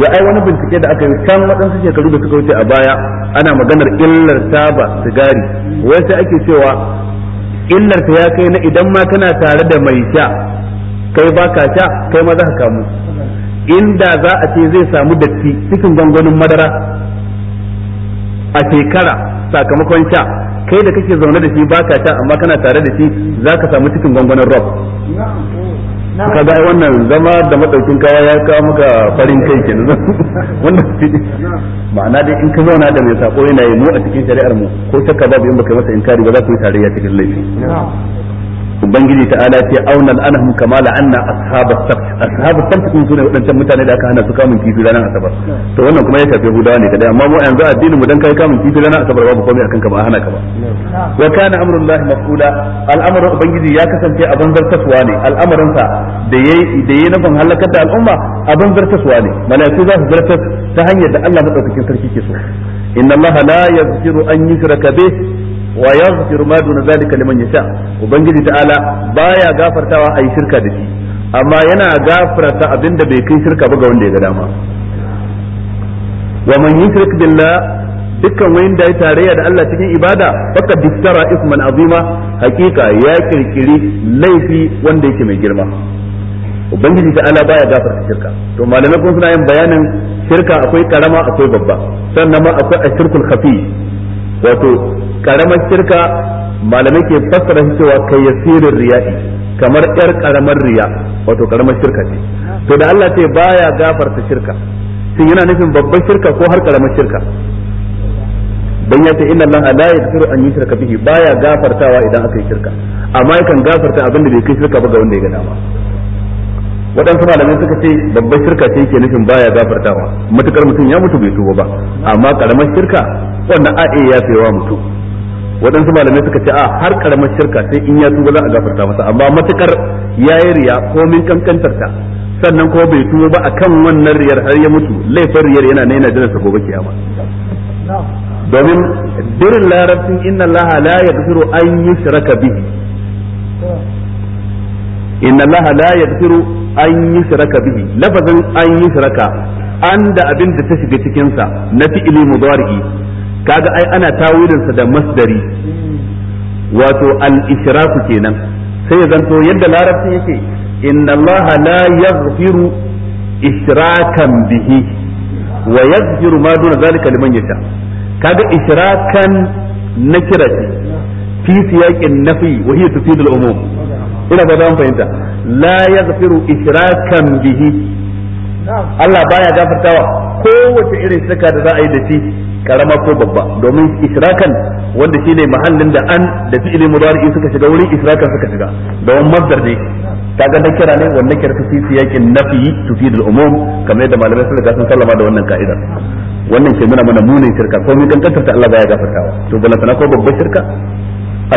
ya ai wani bincike da aka yi kan waɗansu shekaru da suka wuce a baya ana maganar illar taba sigari wai sai ake cewa illar ta ya kai na idan ma kana tare da mai sha kai ba ka sha kai ma za ka kamu inda za a ce zai samu datti cikin gangonin madara a shekara sakamakon sha kai da kake zaune da shi ba ka sha amma kana tare da shi za ka samu cikin gangonin rob ka ga wannan zama da madaukin kawa ya kawo maka farin kai kenan wannan ma'ana dai in ka zauna da mai sako yana yi mu a cikin shari'ar mu ko shakka babu in baka masa inkari ba za ku yi tarayya cikin laifi ubangiji ta ala ce aunal anahum kama la'anna ashabas sabt ashabas sabt sun sune wadancan mutane da aka hana su kamun kifi ranar asabar to wannan kuma ya shafi hudawa ne kadai amma mu yanzu addinin mu dan kai kamun kifi ranar asabar babu komai akan ka ba hana ka ba wa kana amrullahi mafula al'amarin ubangiji ya kasance a banzar taswa ne al'amarin sa da yayi da yayi nufin halakar da al'umma a banzar taswa ne malaiku za su zartar ta hanyar da Allah madaukakin sarki ke so inna Allah la yaghfiru an yushraka bih wa yaghfiru ma duna zalika liman yasha ubangiji ta'ala baya gafartawa yi shirka da shi amma yana gafarta abinda bai kai shirka ba ga wanda ya ga dama wa man yushrik billah dukkan wayin da ya tarayya da Allah cikin ibada baka diktara isman azima hakika ya kirkiri laifi wanda yake mai girma ubangiji ta ala baya gafarta shirka to malamai kun suna yin bayanin shirka akwai karama akwai babba sannan ma akwai ashirkul khafi wato karamar shirka malamai ke fassara cewa kai yasirin riya'i kamar yar karamar riya wato karamar shirka ce to da Allah ce baya gafarta shirka shin yana nufin babbar shirka ko har karamar shirka dan ya ce inna Allah la yaghfiru an yushraka bihi baya gafartawa idan aka yi shirka amma yakan gafarta abin da bai kai shirka ba ga wanda ya ga dama waɗansu malamai suka ce babbar shirka ce ke nufin baya gafartawa matukar mutum ya mutu bai tuba ba amma karamar shirka wannan a ya wa mutum waɗansu malamai suka ce a har karamar shirka sai in ya tuba za a gafarta masa amma matukar ya yi riya ko min kankantarta sannan ko bai tuba ba a kan wannan riyar har ya mutu laifin riyar yana na yana sa gobe kiyama domin dirin larabcin inna Allah la yaghfiru an yushraka bihi inna Allah la yaghfiru an yushraka bihi lafazin an yushraka an da abin da ta shiga cikin sa na fi'ili mudari'i kaga ai ana tawilin da masdari wato al-ishraku kenan sai ya zanto yadda larabci yake inna Allah la yaghfiru ishrakan bihi wa yaghfiru ma duna zalika liman yasha kaga ishrakan na ce fi siyaqin nafi wa hiya tufidu al-umum ina ba dan fahimta la yaghfiru ishrakan bihi Allah baya gafartawa kowace irin shirka da za a yi da shi karama ko babba domin israkan wanda ne mahallin da an da fi'ili mudari suka shiga wurin israkan suka shiga domin masdar ne da kira ne wannan kira ta sisi yakin nafi tufid al-umum kamar yadda malamai sun riga sun sallama da wannan ka'idar wannan ke nuna mana munin shirka ko mun kankantar ta Allah baya gafartawa to balantana ko babbar shirka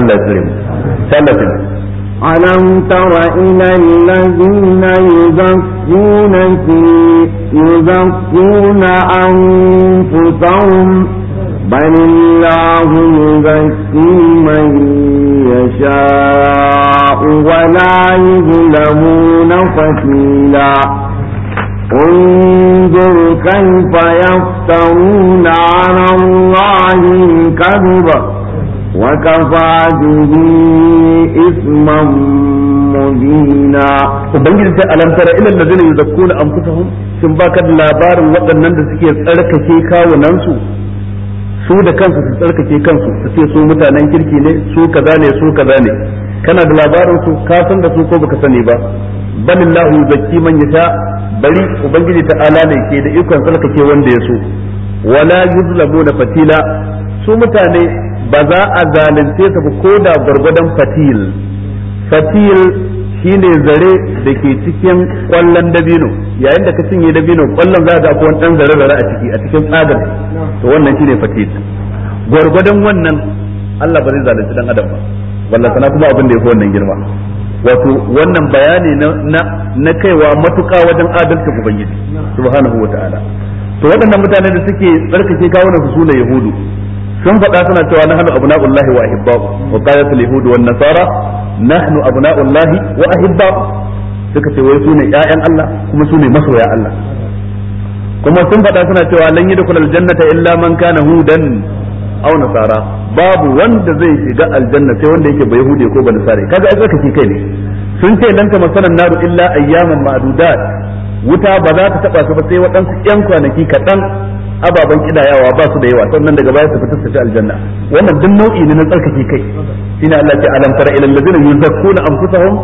Allah ya tsare mu sallallahu alaihi ألم تر إلى الذين يزكون في يزكون أنفسهم بل الله يزكي من يشاء ولا يظلمون فتيلا انظر كيف يفترون على الله الكذب وكفى به إثما مبينا وبنجد ألم ترى إلى الذين يزكون أنفسهم sun baka da labarin waɗannan da suke tsarkake kawunansu su da kansu su tsarkake kansu su ce su mutanen kirki ne su kaza ne su kaza ne kana da labarin su ka san da su ko baka sani ba balillahu zaki man yasha bari ubangiji ta'ala ne ke da ikon tsarkake wanda ya so wala da fatila su mutane ba za a zalunce su ba ko da gwargwadon fatil fatil shine zare da ke cikin kwallon dabino yayin da ka cinye dabino kwallon za ga akwai dan zare zare a ciki a cikin tsadar to wannan shine fatil gwargwadon wannan Allah ba zai zalunci dan adam ba wallahi sana kuma abin da yafi wannan girma wato wannan bayani na na kaiwa matuƙa wajen adalcin ubangiji subhanahu wataala to waɗannan mutane da suke tsarkake kawunan su sune yahudu sun faɗa suna cewa nahnu abna'ullahi wa ahibba'u wa qalat al-yahud wan nasara nahnu abna'ullahi wa ahibba'u suka ce wai sune ƴaƴan Allah kuma sune masoya Allah kuma sun faɗa suna cewa lan yadkhul al-jannata illa man kana hudan aw nasara babu wanda zai shiga aljanna sai wanda yake bai hude ko ba nasare kaga ai tsaka kai ne sun ce lan ta masanan naru illa ayyaman ma'dudat wuta ba za ta taba su ba sai waɗansu ƴan kwanaki kaɗan ababen kidayawa ba su da yawa sannan daga baya su fita su ci aljanna wannan duk nau'i ne na tsarkake kai ne Allah ya alam tara ilal ladina yuzakkuna anfusahum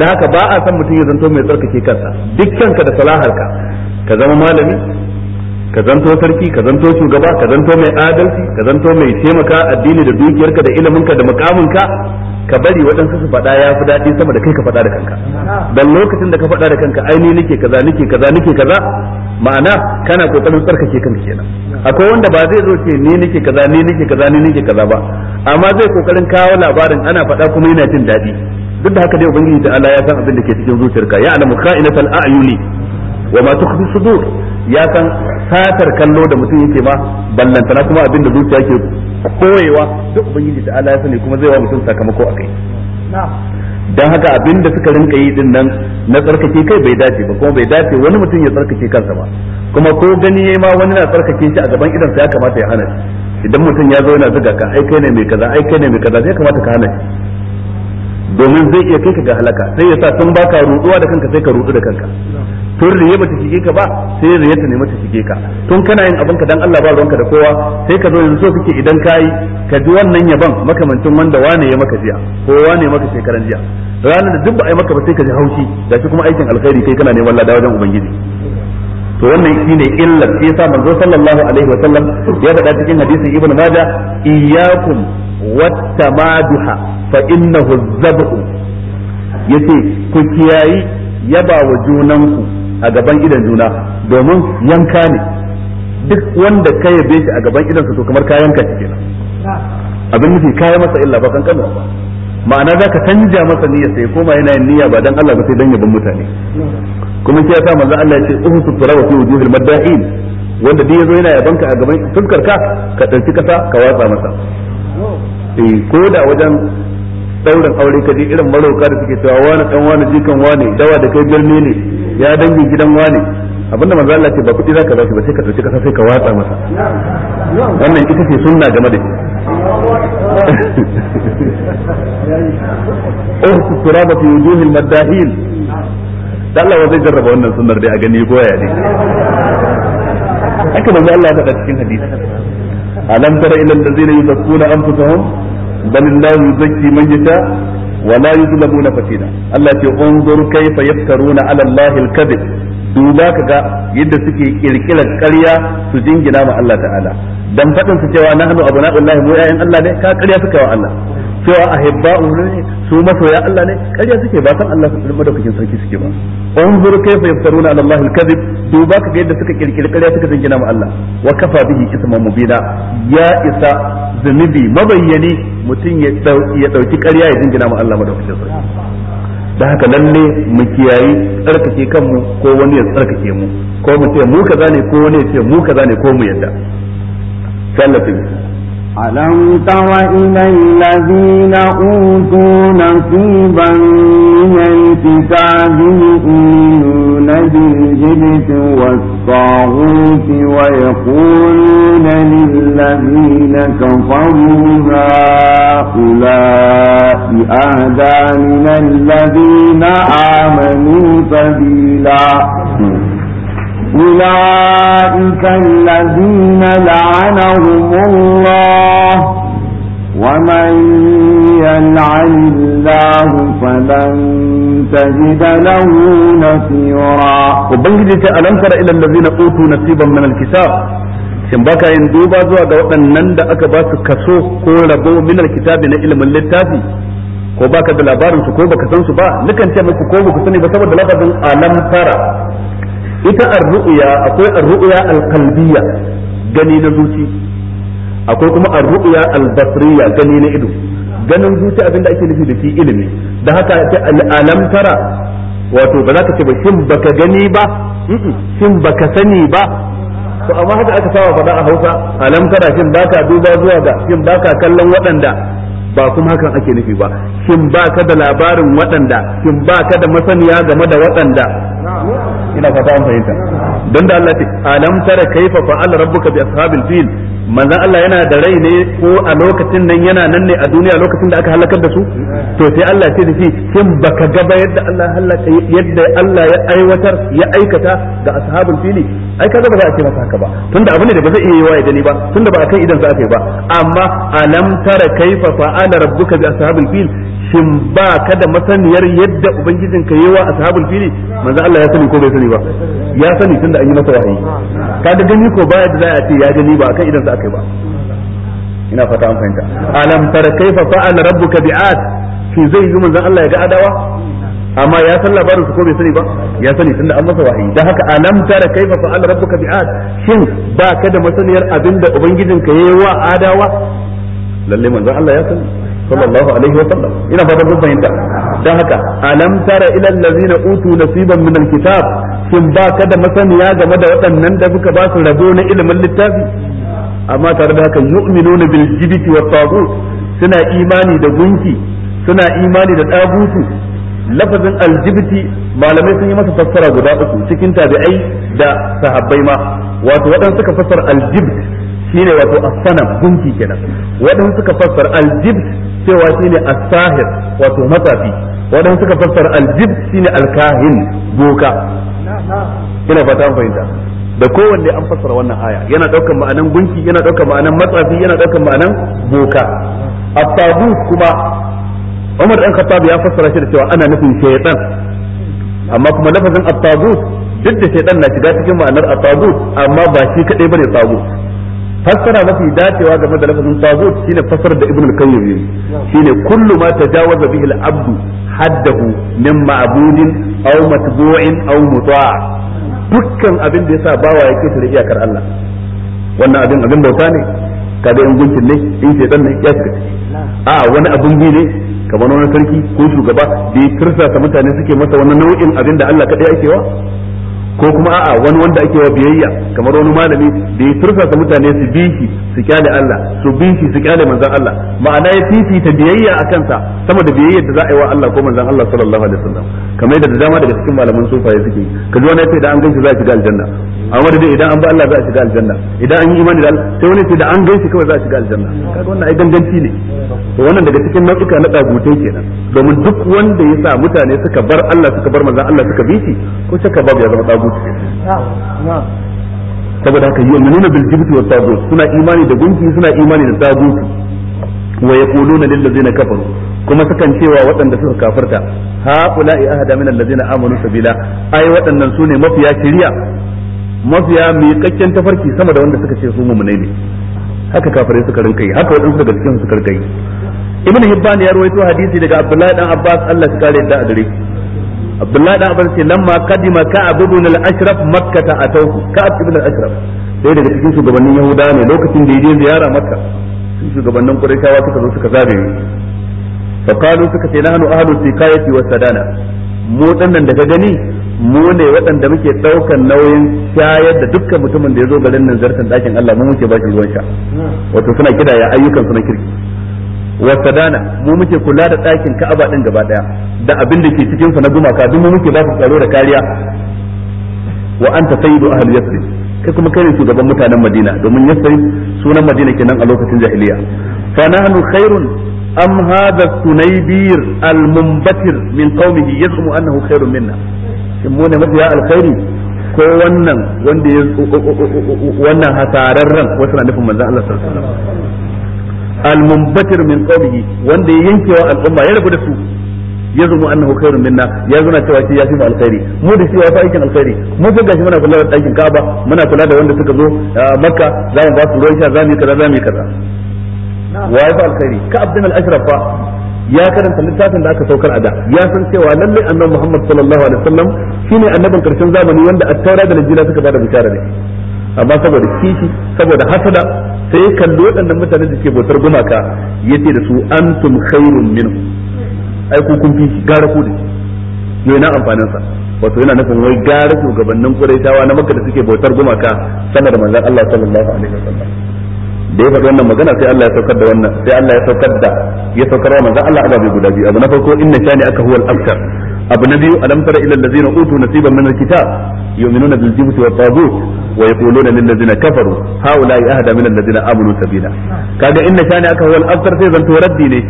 da haka ba a san mutum ya zanto mai tsarkake kansa ka da salaharka ka zama malami ka zanto sarki ka zanto shugaba ka zanto mai adalci ka zanto mai taimaka addini da dukiyarka da iliminka da mukaminka ka bari waɗansu su faɗa ya fi daɗi sama da kai ka faɗa da kanka dan lokacin da ka faɗa da kanka aini nake kaza nake kaza nake kaza ma'ana kana kokarin tsarkake kanka kenan akwai wanda ba zai zo ce ni nake kaza ni nake kaza ni nake kaza ba amma zai kokarin kawo labarin ana faɗa kuma yana jin daɗi duk da haka dai ubangiji ta Allah ya san abin da ke cikin zuciyarka ya alamu kha'inatal a'yuni wa ma tukhfi sudur ya san satar kallo da mutum yake ma ballantana kuma abin da zuciya ke koyewa duk ubangiji ta Allah ya sani kuma zai wa mutum sakamako akai na'am dan haka abin da suka rinka yi din nan na tsarkake kai bai dace ba kuma bai dace wani mutum ya tsarkake kansa ba kuma ko gani yayi ma wani na tsarkake shi a gaban idan sa ya kamata ya hana shi idan mutum ya zo yana zuga ka ai kai ne mai kaza ai kai ne mai kaza sai kamata ka hana shi domin zai iya kai ka ga halaka sai ya sa tun baka rutsuwa da kanka sai ka rutsu da kanka tun riye bata shige ka ba sai riye ta nemi ta shige ka tun kana yin abinka dan Allah ba ruwanka da kowa sai ka zo yanzu so kake idan kayi ka ji wannan yaban makamancin wanda wane ya maka jiya ko wane ya maka shekaran jiya ranar da duk ba ai maka ba sai ka ji haushi gashi kuma aikin alkhairi kai kana neman lada wajen ubangiji to wannan shine illar sai yasa manzo sallallahu alaihi wa sallam ya faɗa cikin hadisin ibnu majah iyyakum wattamaduha fa innahu zabu yace ku kiyayi yaba wa junanku a gaban idan juna domin yanka ne duk wanda ka yabe shi a gaban idansa to kamar kayan ka kenan abin nufi kaya masa illa ba kan kanu ba ma'ana zaka canja masa niyya sai koma yana yin niyya ba dan Allah ba sai dan yabon mutane kuma sai ya sa manzo Allah ya ce uhsu wa fi wujuhil madahin wanda dai yazo yana yabanka a gaban fuskar ka ka dauki kasa ka watsa masa eh ko da wajen daurin aure kaje irin maroka da suke cewa wani dan wani jikan wani dawa da kai birni ne ya dangin gidan wani abinda manzo Allah ce ba kudi zaka bashi ba sai ka dauki ka sai ka watsa masa wannan ita ce sunna game da shi uhsu turaba oh, fi al madahil dan Allah zai jarraba wannan sunnar dai a gani goya ne haka manzo Allah ya faɗa cikin hadisi alam tara ila allazina yuzakkuna anfusahum بل الله يزكي من يشاء ولا يظلمون فتيلا الله انظر كيف يفترون على الله الكذب duba yadda suke kirkirar ƙarya su jingina ma Allah ta'ala dan fadin su cewa nahnu abna'ullahi mu ya'yan Allah ne ka ƙarya suka wa Allah cewa hibba ne su masoya Allah ne ƙarya suke ba san Allah su madaukakin sarki suke ba kai fa yaftaruna ala Allah al-kadhib duba ka ga yadda suka kirkiri ƙarya suka zangina ma Allah wa kafa bihi isman mubina ya isa zunubi mabayyani mutum ya dauki ƙarya ya zangina ma Allah madaukakin sarki da haka lalle mu kiyayi tsarkake kanmu ko wani ya tsarkake mu ko mu ce mu kaza ne ko wani ya ce mu kaza ne ko mu yadda sallatin ألم تر إلى الذين أوتوا نصيبا من الكتاب يؤمنون بالجبت والطاغوت ويقولون للذين كفروا هؤلاء أهدى من الذين آمنوا سبيلا أولئك الذين لعنهم الله ومن يلعن الله فلن تجد له نصيرا وبنجد ألم تر إلى الذين أوتوا نصيبا من الكتاب shin baka yin duba zuwa ga waɗannan da aka ba su kaso ko rabo min alkitabi na ilimin littafi ko baka da labarin su ko baka san su ba nukan ce muku ko baku sani ba saboda labarin alam tara ita ar-ru'ya akwai ar-ru'ya al-qalbiyya gani na zuci akwai kuma ar-ru'ya al-basriyya gani na ido ganin zuci abinda ake nufi da shi ilimi da haka alam tara wato ba za ka ce ba shin baka gani ba shin baka sani ba to amma haka aka saba faɗa a Hausa alam tara shin baka duba zuwa ga shin baka kallon waɗanda ba kuma hakan ake nufi ba shin baka da labarin waɗanda shin baka da masaniya game da waɗanda ina fata an fahimta don da Allah ce alam tara kaifa fa'ala rabbuka bi ashabil fil manzon Allah yana da rai ne ko a lokacin nan yana nan ne a duniya lokacin da aka halakar da su to sai Allah ce da shi kin baka gaba yadda Allah halaka yadda Allah ya aiwatar ya aikata ga ashabul fili ai kaga ba za a ce masa haka ba tunda abu ne da ba zai iya yi wa ya gani ba tunda ba a kai idan za ka yi ba amma alam tara kaifa fa'ala rabbuka bi ashabil fil shin ba ka da masaniyar yadda ubangijin ka yawa ashabul fil manzo Allah ya sani ko bai sani ba ya sani tunda an yi masa wahayi kaga gani ko ba da za a ce ya gani ba akan idan za ka yi ba ina fata an fahimta alam tara kaifa fa'ala rabbuka bi'ad shi zai yi manzon Allah ya ga adawa amma ya san labarin su ko bai sani ba ya sani tunda an masa wahayi dan haka alam tara kaifa fa'ala rabbuka bi'ad shin ba ka da masaniyar abinda ubangijinka yayi wa adawa lalle manzon Allah ya sani sallallahu alaihi wa sallam ina fatan kun fahimta dan haka alam tara ila allazina utu nasiban min alkitab shin ba ka da masaniya game da waɗannan da suka ba su rabo na ilimin littafi amma tare da haka yu'minuna bil jibti wa tagut suna imani da gunki suna imani da tagutu lafazin aljibiti malamai sun yi masa fassara guda uku cikin tabi'ai da sahabbai ma wato waɗanda suka fassara aljibt shine wato as-sanam gunki kenan waɗanda suka fassara aljibt cewa shine as-sahir wato matsafi waɗanda suka fassara aljibt shine alkahin boka ina fata an fahimta da kowanne an fassara wannan aya yana ɗaukar ma'anan gunki yana ɗaukar ma'anan matsafi yana ɗaukar ma'anan boka at kuma Umar dan Khattab ya fassara shi da cewa ana nufin shaytan amma kuma lafazin at-tagut duk da shaytan na shiga cikin ma'anar at-tagut amma ba shi kadai bane tagut fassara mafi dacewa game da lafazin tagut shine fassarar da Ibn al-Qayyim yayi shine kullu ma tajawaza bihi al-abdu haddahu min ma'budin aw matbu'in aw muta'a dukkan abin da yasa bawa yake tare iyakar Allah wannan abin abin bauta ne kaga in gunkin ne in shaytan ne ya shiga a wani abun bi ne kamar wani sarki ko shugaba da ya mutane suke masa wani nau'in abin da Allah kadai ake wa ko kuma a'a wani wanda ake wa biyayya kamar wani malami da ya tirsasa mutane su bi shi su kyale Allah su bi shi su kyale manzon Allah ma'ana ya fifita biyayya a kansa sama da biyayya da za a yi wa Allah ko manzon Allah sallallahu alaihi wasallam kamar yadda da dama daga cikin malaman sufaye suke kaji wani ya ce da an ganshi za a shiga aljanna a wani dai idan an ba Allah za a shiga aljanna idan an yi imani da Allah sai wani sai da an gaishe kawai za a shiga aljanna kaga wannan ai danganci ne to wannan daga cikin nau'uka na dagutai kenan domin duk wanda ya sa mutane suka bar Allah suka bar manzon Allah suka bi shi ko shakka babu ya zama dagutu saboda haka yu'minuna bil jibti wa tagut suna imani da gunki suna imani da tagut wa yaquluna lil ladzina kafaru kuma sukan cewa waɗanda suka kafarta ula'i ahada min alladzina amanu sabila ai waɗannan sune mafiya shiriya mafiya miƙakken tafarki sama da wanda suka ce su mummunai ne haka kafirai suka rinka yi haka waɗansu daga cikin suka rinka yi ibn hibban ya rawaito hadisi daga abdullahi dan abbas Allah ya kare da adare abdullahi dan abbas ce lamma qadima ka'ab ibn al-ashraf makkah atawku ka'ab ibn al-ashraf sai daga cikin shugabannin yahuda ne lokacin da yaje ziyara makka shugabannin quraishawa suka zo suka zabe fa qalu suka ce nahnu ahlu sikayati wa sadana mu dannan daga gani mu ne waɗanda muke ɗaukan nauyin shayar da dukkan mutumin da ya zo garin nan zartan ɗakin Allah mu muke bashi ruwan sha wato suna kidaya ayyukan suna kirki wasa dana mu muke kula da ɗakin Ka'aba ɗin gaba ɗaya da abin da ke cikin sa na gumaka duk mu muke ba su tsaro da kariya wa anta sayyidu ahli yasrib kai kuma kai ne shugaban mutanen Madina domin yasrib sunan Madina kenan a lokacin jahiliya fa nahnu khairun am hadha sunaybir al-munbatir min qaumihi yazmu annahu khairun minna shin mu ne mafiya alkhairi ko wannan wanda ya wannan hasararren wasu na nufin manzan Allah sallallahu alaihi wasallam al mumbatir min qawlihi wanda ya yankewa al'umma ya rabu da su ya zumu annahu khairun minna ya zuna cewa shi ya fi alkhairi mu da shi ya fi aikin alkhairi mu fa gashi muna kula da ɗakin Ka'aba muna kula da wanda suka zo Makka za mu ba su ruwan sha za mu yi kaza za mu yi kaza wa ya fi alkhairi ka abdul al-ashraf fa ya karanta littafin da aka saukar a da ya san cewa lalle annabi Muhammad sallallahu alaihi wasallam shine annabin karshen zamani wanda at-taura da injila suka bada bishara da shi amma saboda kishi saboda hasada sai kalli waɗannan mutanen da ke bautar gumaka yace da su antum khairun minhu ai ku kun fi gara ku da shi yana amfanin sa wato yana nufin wai gara shugabannin Quraishawa na Makka da suke bautar gumaka sanar manzon Allah sallallahu alaihi wasallam da ya faɗi wannan magana sai Allah ya saukar da wannan sai Allah ya saukar da ya saukar wa manzon Allah ababe guda biyu abu na farko inna shani aka huwal aktar abu na biyu alam tara ila allazina utu nasiban min alkitab yu'minuna bil jibti wat tagut wa yaquluna lil ladzina kafaru haula ahda min allazina amanu sabila kaga inna shani aka huwal aktar sai zanto raddi ne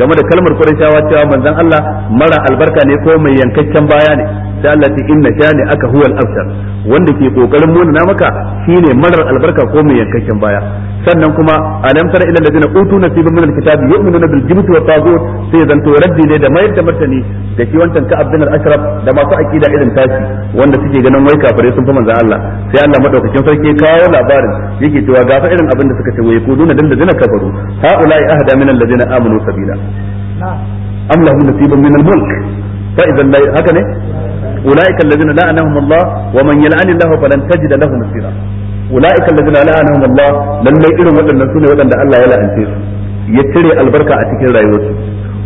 game da kalmar Qurayshawa cewa manzon Allah mara albarka ne ko mai yankakken baya ne sai Allah ce inna shani aka huwal abtar wanda ke kokarin munana maka shine marar albarka ko mai yankakken baya sannan kuma alam tara ila alladhina utu nasiban min alkitab yu'minuna bil jibti wa tagut sai zan to raddi ne da mayar da martani da shi wancan ka abdul ashraf da masu akida irin tashi wanda suke ganin wai kafare sun fi manzon Allah sai Allah madaukakin sarki kawo labarin yake cewa gafa irin abin da suka ce wai kuduna dan da zina kafaru ha'ula'i ahda min alladhina amanu sabila am lahum nasiban min al-mulk fa idan haka ne ulaika allazina la'anahum Allah wa man yal'an Allah falan tajid lahu nasira ulaika allazina la'anahum Allah lalle irin waɗannan sune waɗanda Allah ya la'ance su ya cire albarka a cikin rayuwarsu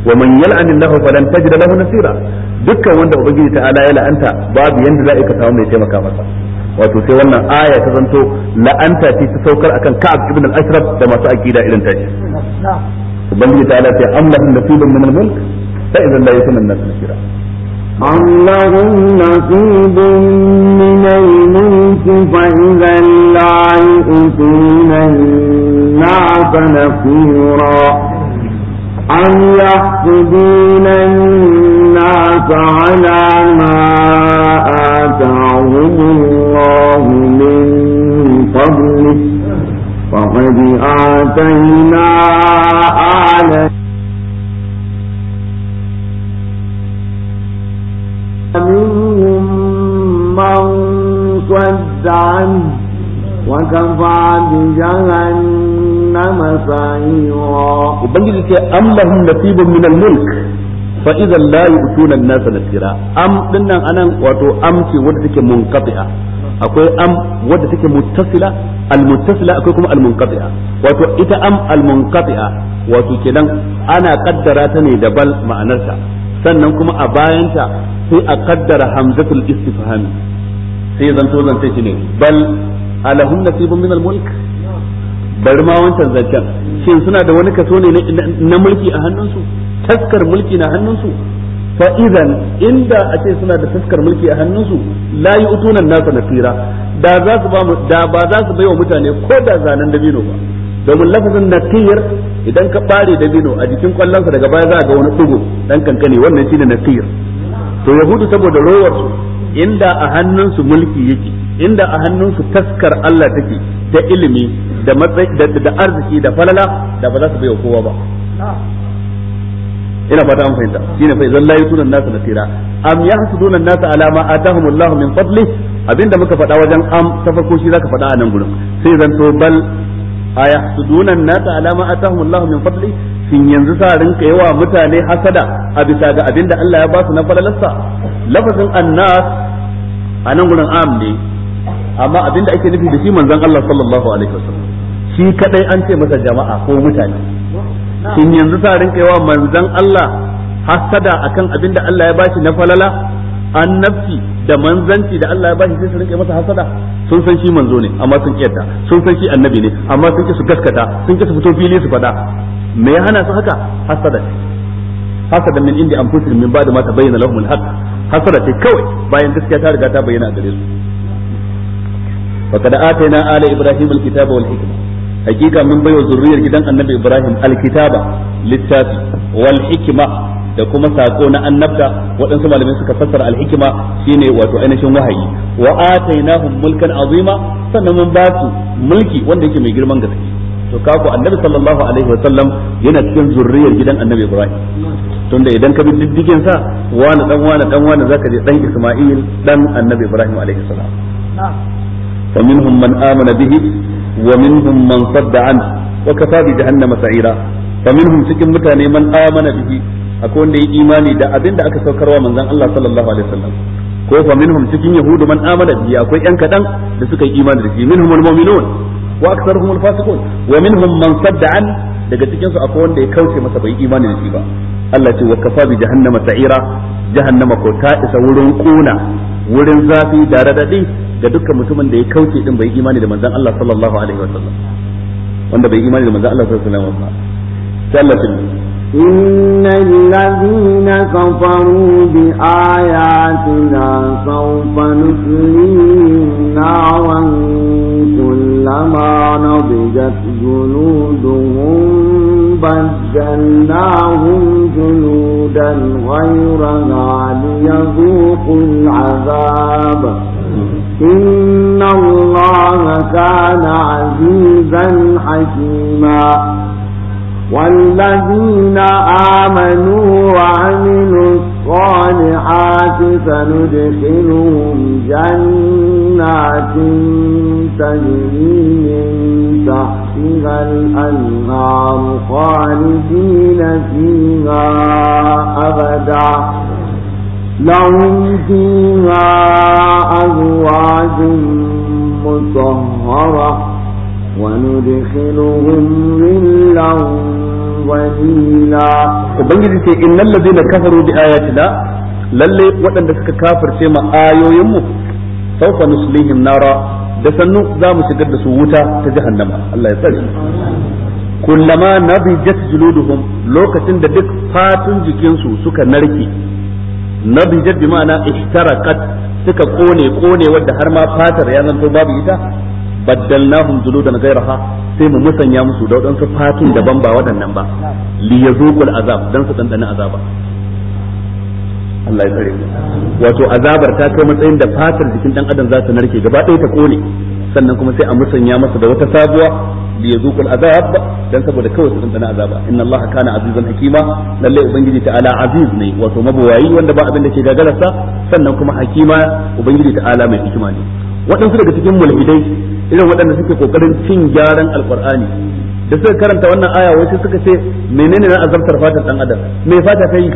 wa man yal'an Allah falan tajid lahu nasira dukkan wanda ubangiji ta'ala ya la'anta babu yanda za ka samu mai taimaka masa wato sai wannan aya ta zanto la'anta ce ta saukar akan Ka'ab ibn al-Ashraf da masu akida irin ta ubangiji ta'ala sai mulk fa أم لهم نصيب من الملك فإذا لا يؤتون الناس نفيرا أم يحسدون الناس على ما آتاهم الله من قبله فقد آتينا آل منهم من صد عنه وكفى بجهنم سعيرا وبنجد أم لهم نصيب من الملك فإذا لا يؤتون الناس أم لنا أنا أم في ودتك منقطعة akwai am wadda take muttasila almuttasila akwai kuma almunqati'a wato ita am almunqati'a wato kenan ana kaddara ta ne da bal ma'anarta sannan kuma a bayanta sai a kaddara hamzatul istifhami sai zanto zance shi ne bal alahun nasibun min almulk mulk bari ma wancan zancen shin suna da wani kaso ne na mulki a hannunsu taskar mulki na hannunsu fa idan inda a ce suna da taskar mulki a hannunsu la yu'tuna an-nasa nasira da za su ba da ba za su baiwa mutane ko da zanen dabino ba domin lafazin naqir idan ka bare da bino a jikin kwallonsa daga baya za a ga wani dugo dan kankane wannan shine naqir to yahudu saboda rowar su inda a hannunsu mulki yake inda a hannunsu taskar Allah take da ilimi da matsayi da arziki da falala da ba za su bai kowa ba ina fata an fahimta shine fa idan la tunan nasu na nasira am yahsuduna an alama ala ma atahum Allah min fadli abinda muka faɗa wajen am ta shi zaka faɗa a nan gurin sai zan to bal su dunan nasa alama atahum Allah min fadli sun yanzu sa rinka yawa mutane hasada a bisa ga abinda Allah ya ba su na falalarsa lafazin annas a nan gurin am ne amma abinda ake nufi da shi manzon Allah sallallahu alaihi wasallam shi kadai an ce masa jama'a ko mutane sun yanzu sa rinka yawa manzon Allah hasada akan abinda Allah ya bashi na falala annabci da manzanci da Allah ya bashi sai su rike masa hasada sun san shi manzo ne amma sun kiyarta sun san shi annabi ne amma sun ki su gaskata sun ki su fito fili su fada me ya hana su haka hasada hasada min indi anfusihim min ba'da ma tabayyana lahum al-haq hasada ce kawai bayan gaskiya ta riga ta bayyana a gare su faqad atayna ala ibrahim al-kitaba wal hikma hakika mun baiwa zurriyar gidan annabi ibrahim al-kitaba littafi wal hikma da kuma sako na annabta waɗansu malamai suka fassara alhikima shine wato ainihin wahayi wa atainahum mulkan azima sannan mun ba su mulki wanda yake mai girman gaske to kako annabi sallallahu alaihi wa sallam yana cikin zurriyar gidan annabi ibrahim tunda idan ka bi diddigin sa wani dan wani dan wani zaka je dan isma'il dan annabi ibrahim alaihi salam fa minhum man amana bihi wa minhum man sadda an wa kafa bi jahannama sa'ira fa minhum cikin mutane man amana bihi akwai wanda yi imani da abin da aka saukarwa manzon Allah sallallahu alaihi wasallam ko fa minhum cikin yahudu man amana bi akwai yan kadan da suka yi imani da shi minhum almu'minun wa aktharuhum alfasiqun wa minhum man sadda an daga cikin su akwai wanda ya kauce masa bai imani da shi ba Allah ce wa kafa bi jahannama sa'ira jahannama ko ta isa wurin kuna wurin zafi da radadi ga dukkan mutumin da ya kauce din bai imani da manzon Allah sallallahu alaihi wasallam wanda bai imani da manzon Allah sallallahu alaihi wasallam ba sallallahu alaihi إن الذين كفروا بآياتنا سوف نسليهم نارا كلما نضجت جنودهم بدلناهم جنودا غيرها ليذوقوا العذاب إن الله كان عزيزا حكيما والذين آمنوا وعملوا الصالحات سندخلهم جنات تجري من تحتها الأنهار خالدين فيها أبدا لهم فيها أزواج مطهرة وندخلهم ظلا Wayan yi ce in lallai zai na kafa rubi Aya ya ci da, lallai waɗanda suka kafarce ma'ayoyinmu tsoffa musulihin nara da sannu za mu shigar da su wuta ta jahannama. Allah ya tsira jikinmu. Kulluma na lokacin da duk jikin su suka narke na bi jajibima na suka kone-kone wadda har ma fatar ya zan babu ita baddalnahum juludan ghayraha sai mu musanya musu da wadansu fatin daban ba waɗannan ba li yazuqul azab dan su dandana azaba Allah ya tsare mu wato azabar ta kai matsayin da fatar jikin dan adam za ta narke gaba ɗaya ta kone sannan kuma sai a musanya masa da wata sabuwa li yazuqul azab dan saboda kawai su dandana azaba inna allaha kana azizan hakima lalle ubangiji ta'ala aziz ne wato mabawayi wanda ba abin da ke gagararsa sannan kuma hakima ubangiji ta'ala mai hikima ne waɗansu daga cikin mulhidai irin waɗanda suke kokarin cin gyaran alkurani da suka karanta wannan aya wasu suka ce menene na azabtar fatar dan adam me fata ta yi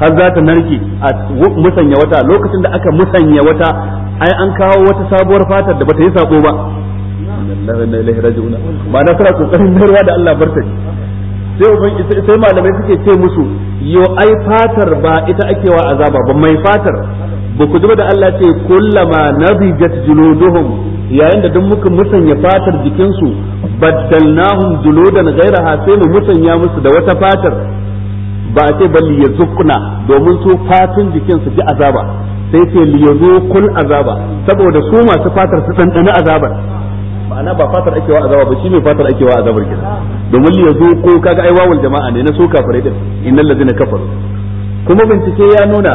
har za ta narke a musanya wata lokacin da aka musanya wata ai an kawo wata sabuwar fatar da bata yi sako ba ba na suna kokarin narwa da Allah bartani sai sai malamai suke ce musu yo ai fatar ba ita ake wa azaba ba mai fatar ba ku da Allah ce kullama nadijat juluduhum yayin da duk muka musanya fatar jikinsu baddalnahum juludan ghairaha sai mu musanya musu da wata fatar ba a ce balli ya zukuna domin su fatun jikin su ji azaba sai ce li kul azaba saboda su masu fatar su dandana azabar ma'ana ba fatar ake wa azaba ba shi ne fatar ake wa azabar kenan domin li ko kaga ai wawul jama'a ne na su kafirai din innal ladina kafaru kuma bincike ya nuna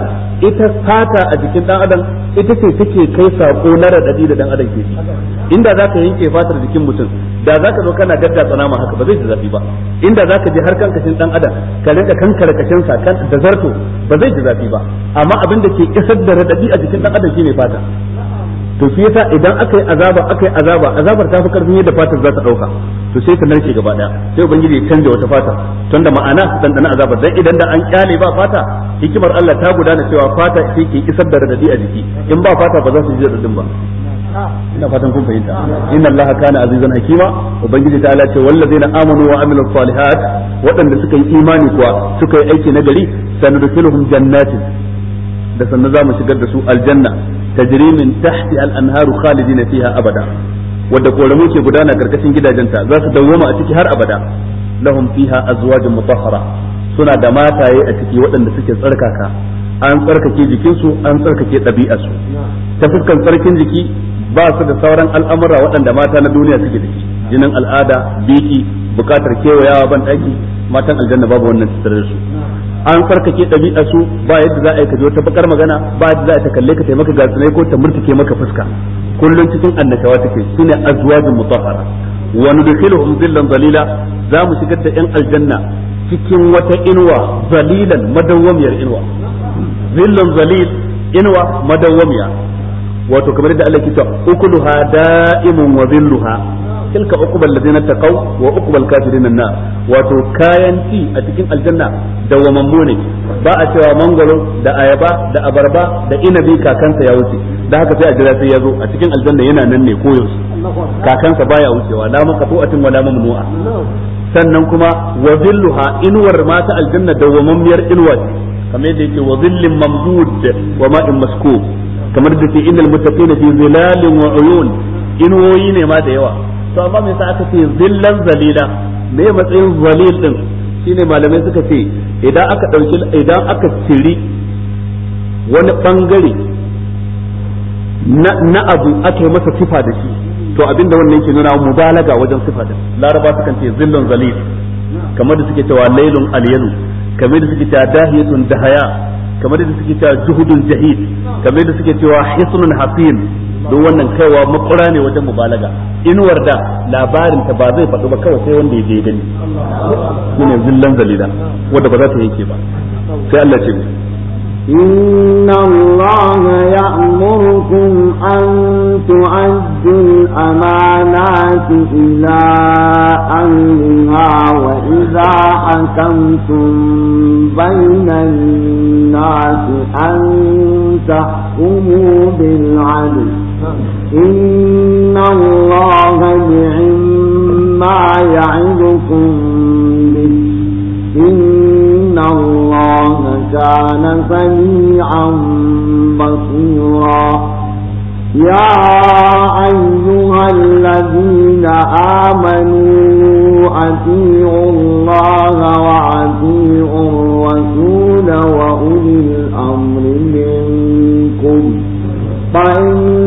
ita fata a jikin dan adam ita ce take kai sako na radadi da dan adam ke inda zaka yanke fatar jikin mutum da zaka zo kana gadda tsanama haka ba zai ji zafi ba inda zaka je har kankashin dan adam ka rinka kankare kashin sa kan da zarto ba zai ji zafi ba amma abin da ke isar da radadi a jikin dan adam shine fata to shi yasa idan aka yi azaba aka yi azaba azabar ta fi karfin yadda fatar za ta dauka to sai ka narke gaba daya sai ubangiji ya canza wata fata tunda ma'ana dandana azabar dan idan da an kyale ba fata hikimar Allah ta gudana cewa fata sai ke isar da radadi a jiki in ba fata ba za su ji radadin ba ina fatan kun fahimta inna Allah kana azizan hakima ubangiji ta ala ce wallazina amanu wa amilus salihat waɗanda suka yi imani kuwa suka yi aiki na gari sanadukhiluhum jannatin da sannan za mu shigar da su aljanna tajri min tahti al-anharu khalidina fiha abada wadda koramu ke gudana karkashin gidajenta za su dawwama a ciki har abada lahum fiha azwajun mutahhara suna da mataye a ciki waɗanda suke tsarkaka an tsarkake jikinsu an tsarkake ɗabi'arsu ta fuskan tsarkin jiki ba su da sauran al'amura waɗanda mata na duniya suke da jinin al'ada biki bukatar kewayawa ban ɗaki matan aljanna babu wannan tattare da su an farkake ɗabi'a su ba yadda za a yi ka ta bakar magana ba yadda za a ta kalle ka taimaka ga sunai ko ta murtuke maka fuska kullum cikin annashawa take ne azwajin mutahhara wa nudkhiluhum zillan zalila za mu shigar da yan aljanna cikin wata inuwa zalilan madawwamiyar inuwa zillan zalil inuwa madawwamiya wato kamar yadda Allah ke cewa ukuluha da'imun wa zilluha tilka uqbal ladina taqaw wa uqbal kafirin an wato kayan ci a cikin aljanna da wamammu ne ba a cewa mangoro da ayaba da abarba da inabi kakansa ya wuce da haka sai a jira sai ya zo a cikin aljanna yana nan ne koyaushe kakansa baya wucewa la maqtu'atin wala mamnu'a sannan kuma wa zilluha inwar mata aljanna da dawwamammiyar inwa ce kamar yadda yake wa zillin mamdud wa ma'in maskub kamar da ke innal muttaqina fi zilalin wa uyun inwoyi ne ma da yawa to amma me yasa aka ce zillan zalila me matsayin zalil din shine malamai suka ce idan aka dauki idan aka ciri wani bangare na abu aka yi masa sifa da shi to abinda wannan yake nuna mubalaga wajen sifa da laraba sukan ce zillan zalil kamar da suke cewa laylun alyalu kamar da suke cewa dahiyatun dahaya kamar da suke cewa juhudun jahid kamar da suke cewa hisnun hasin don wannan kaiwa makura ne wajen mubalaga inuwar da labarin ta ba zai faɗu ba kawai sai wanda ya je gani ne zillan zalila wanda ba za ta yanke ba sai Allah ce mu إن الله يأمركم أن تؤدوا الأمانات إلى أهلها وإذا حكمتم بين الناس أن تحكموا بالعدل إن الله بعما يعدكم به إن الله كان سميعا بصيرا يا أيها الذين آمنوا أطيعوا الله وأطيعوا الرسول وأولي الأمر منكم فإن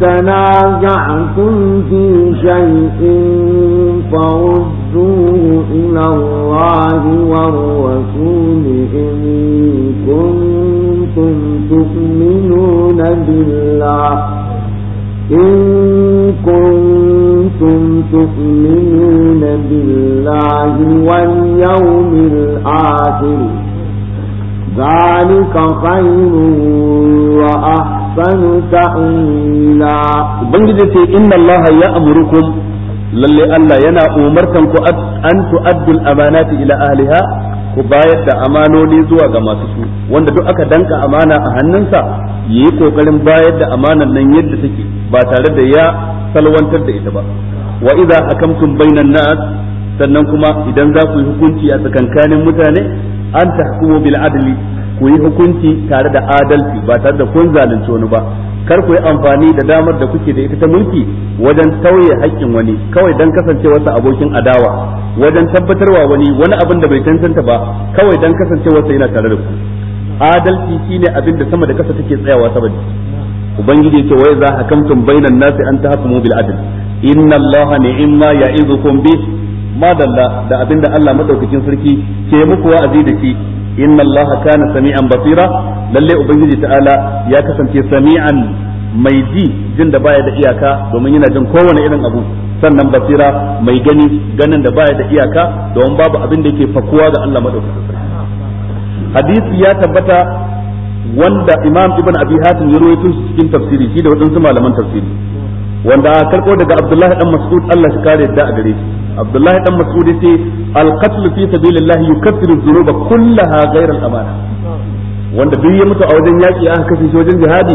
تنازعتم في شيء فردوه إلى الله والرسول إن كنتم تؤمنون بالله إن كنتم تؤمنون بالله واليوم الآخر ذلك خير وأحسن ahsanu ta'wila ubangiji ce inna allaha ya'murukum lalle Allah yana umartan ku an tu'addul amanati ila aliha ku bayar da amanoni zuwa ga masu su wanda duk aka danka amana a hannunsa yayi kokarin bayar da amanan nan yadda take ba tare da ya salwantar da ita ba wa'iza idza hakamtum bainan nas sannan kuma idan za ku yi hukunci a tsakankanin mutane an tahkumu bil adli ku yi hukunci tare da adalci ba tare da kun zalunci wani ba kar ku yi amfani da damar da kuke da ita ta mulki wajen tauye haƙƙin wani kawai dan kasancewarsa abokin adawa wajen tabbatarwa wani wani abin da bai tantanta ba kawai dan kasancewarsa yana tare da ku adalci shine abin da sama da kasa take tsayawa saboda ubangiji ce wai za hakamtum bainan nasi an tahkumu bil adl inna allaha ni'ma ya'idukum bih madalla da abinda Allah madaukakin sarki ke muku wa'azi da shi inna allaha kana sami'an basira lalle ubangiji ta'ala ya kasance sami'an mai ji jin da baya da iyaka domin yana jin kowane irin abu sannan basira mai gani ganin da baya da iyaka domin babu abin da yake fakuwa ga Allah madaukakin hadisi ya tabbata wanda imam ibn abi hatim ya rawaito shi cikin tafsiri shi da wadansu malaman tafsiri wanda karko daga abdullahi dan mas'ud Allah shi kare da a gare shi abdullahi dan mas'udi sai, al-qatl fi sabilillah yukaffiru dhunuba kullaha ghayra al-amana wanda duk ya mutu a wajen yaki aka kashe shi wajen jihadi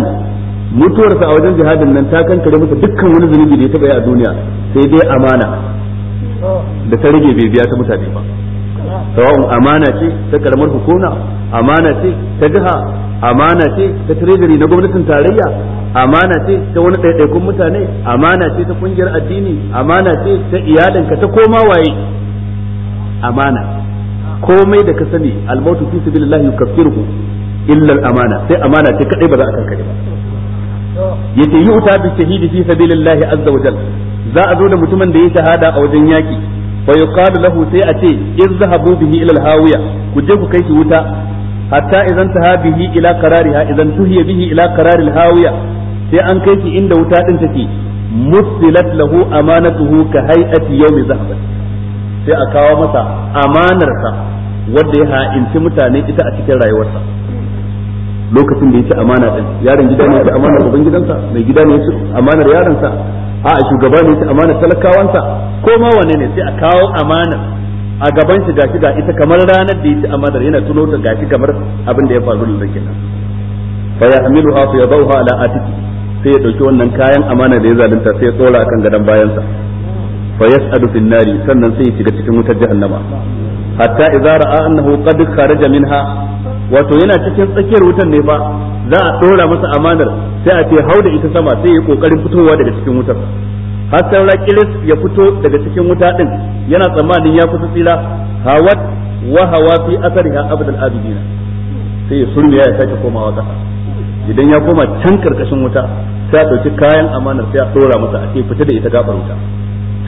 mutuwarsa a wajen jihadin nan ta kankare masa dukkan wani zunubi da ya taba yi a duniya sai dai amana da ta rage bai biya ta mutane ba sawa'un amana ce ta karamar hukuma amana ce ta jiha amana ce ta treasury na gwamnatin tarayya amana ce ta wani ɗaiɗaikun mutane amana ce ta ƙungiyar addini amana ce ta iyalinka ta koma waye amana komai da ka sani almautu fi sabilillah yukaffiruhu illa amana sai amana ce kadai ba za a kankare ba yace yi uta bi shahidi fi sabilillah azza wa jal za a zo da mutumin da ya shahada a wajen yaki fa yuqalu lahu sai a ce in bihi ila alhawiya ku je ku kai shi wuta hatta idan انتهى bihi ila قرارها idan انتهي bihi ila قرار hawiya sai an kai shi inda wuta din take musilat lahu amanatuhu ka hay'ati yawmi zahabat sai a kawo masa amanarsa wanda ya ita a cikin rayuwarsa lokacin da ya amana din yaron gida ne ya ci amanar gidansa mai gida ne ya ci yaron sa? a shugaba ne ya ci talakawansa ko ma wane ne sai a kawo amana. a gaban shi gashi ga ita kamar ranar da yace amadar yana tuno ta gashi kamar abin da ya faru da kenan fa yahmiluha fa yadawha ala atiki sai ya dauki wannan kayan amana da ya zalunta sai ya tsora akan gadan bayansa fa yas'adu fil nari sannan sai ya shiga cikin wutar jahannama hatta idza ra'a annahu qad kharaja minha wato yana cikin tsakiyar wutar ne fa za a dora masa amanar sai a ce hau da ita sama sai ya kokarin fitowa daga cikin wutar hasan saura ya fito daga cikin wuta din yana tsammanin ya fito tsira hawat wa hawa fi ha abdul abidina sai ya surmiya ya sake komawa kasa idan ya koma can karkashin wuta sai ya dauki kayan amanar sai ya tsora masa a ce fita da ita gabar wuta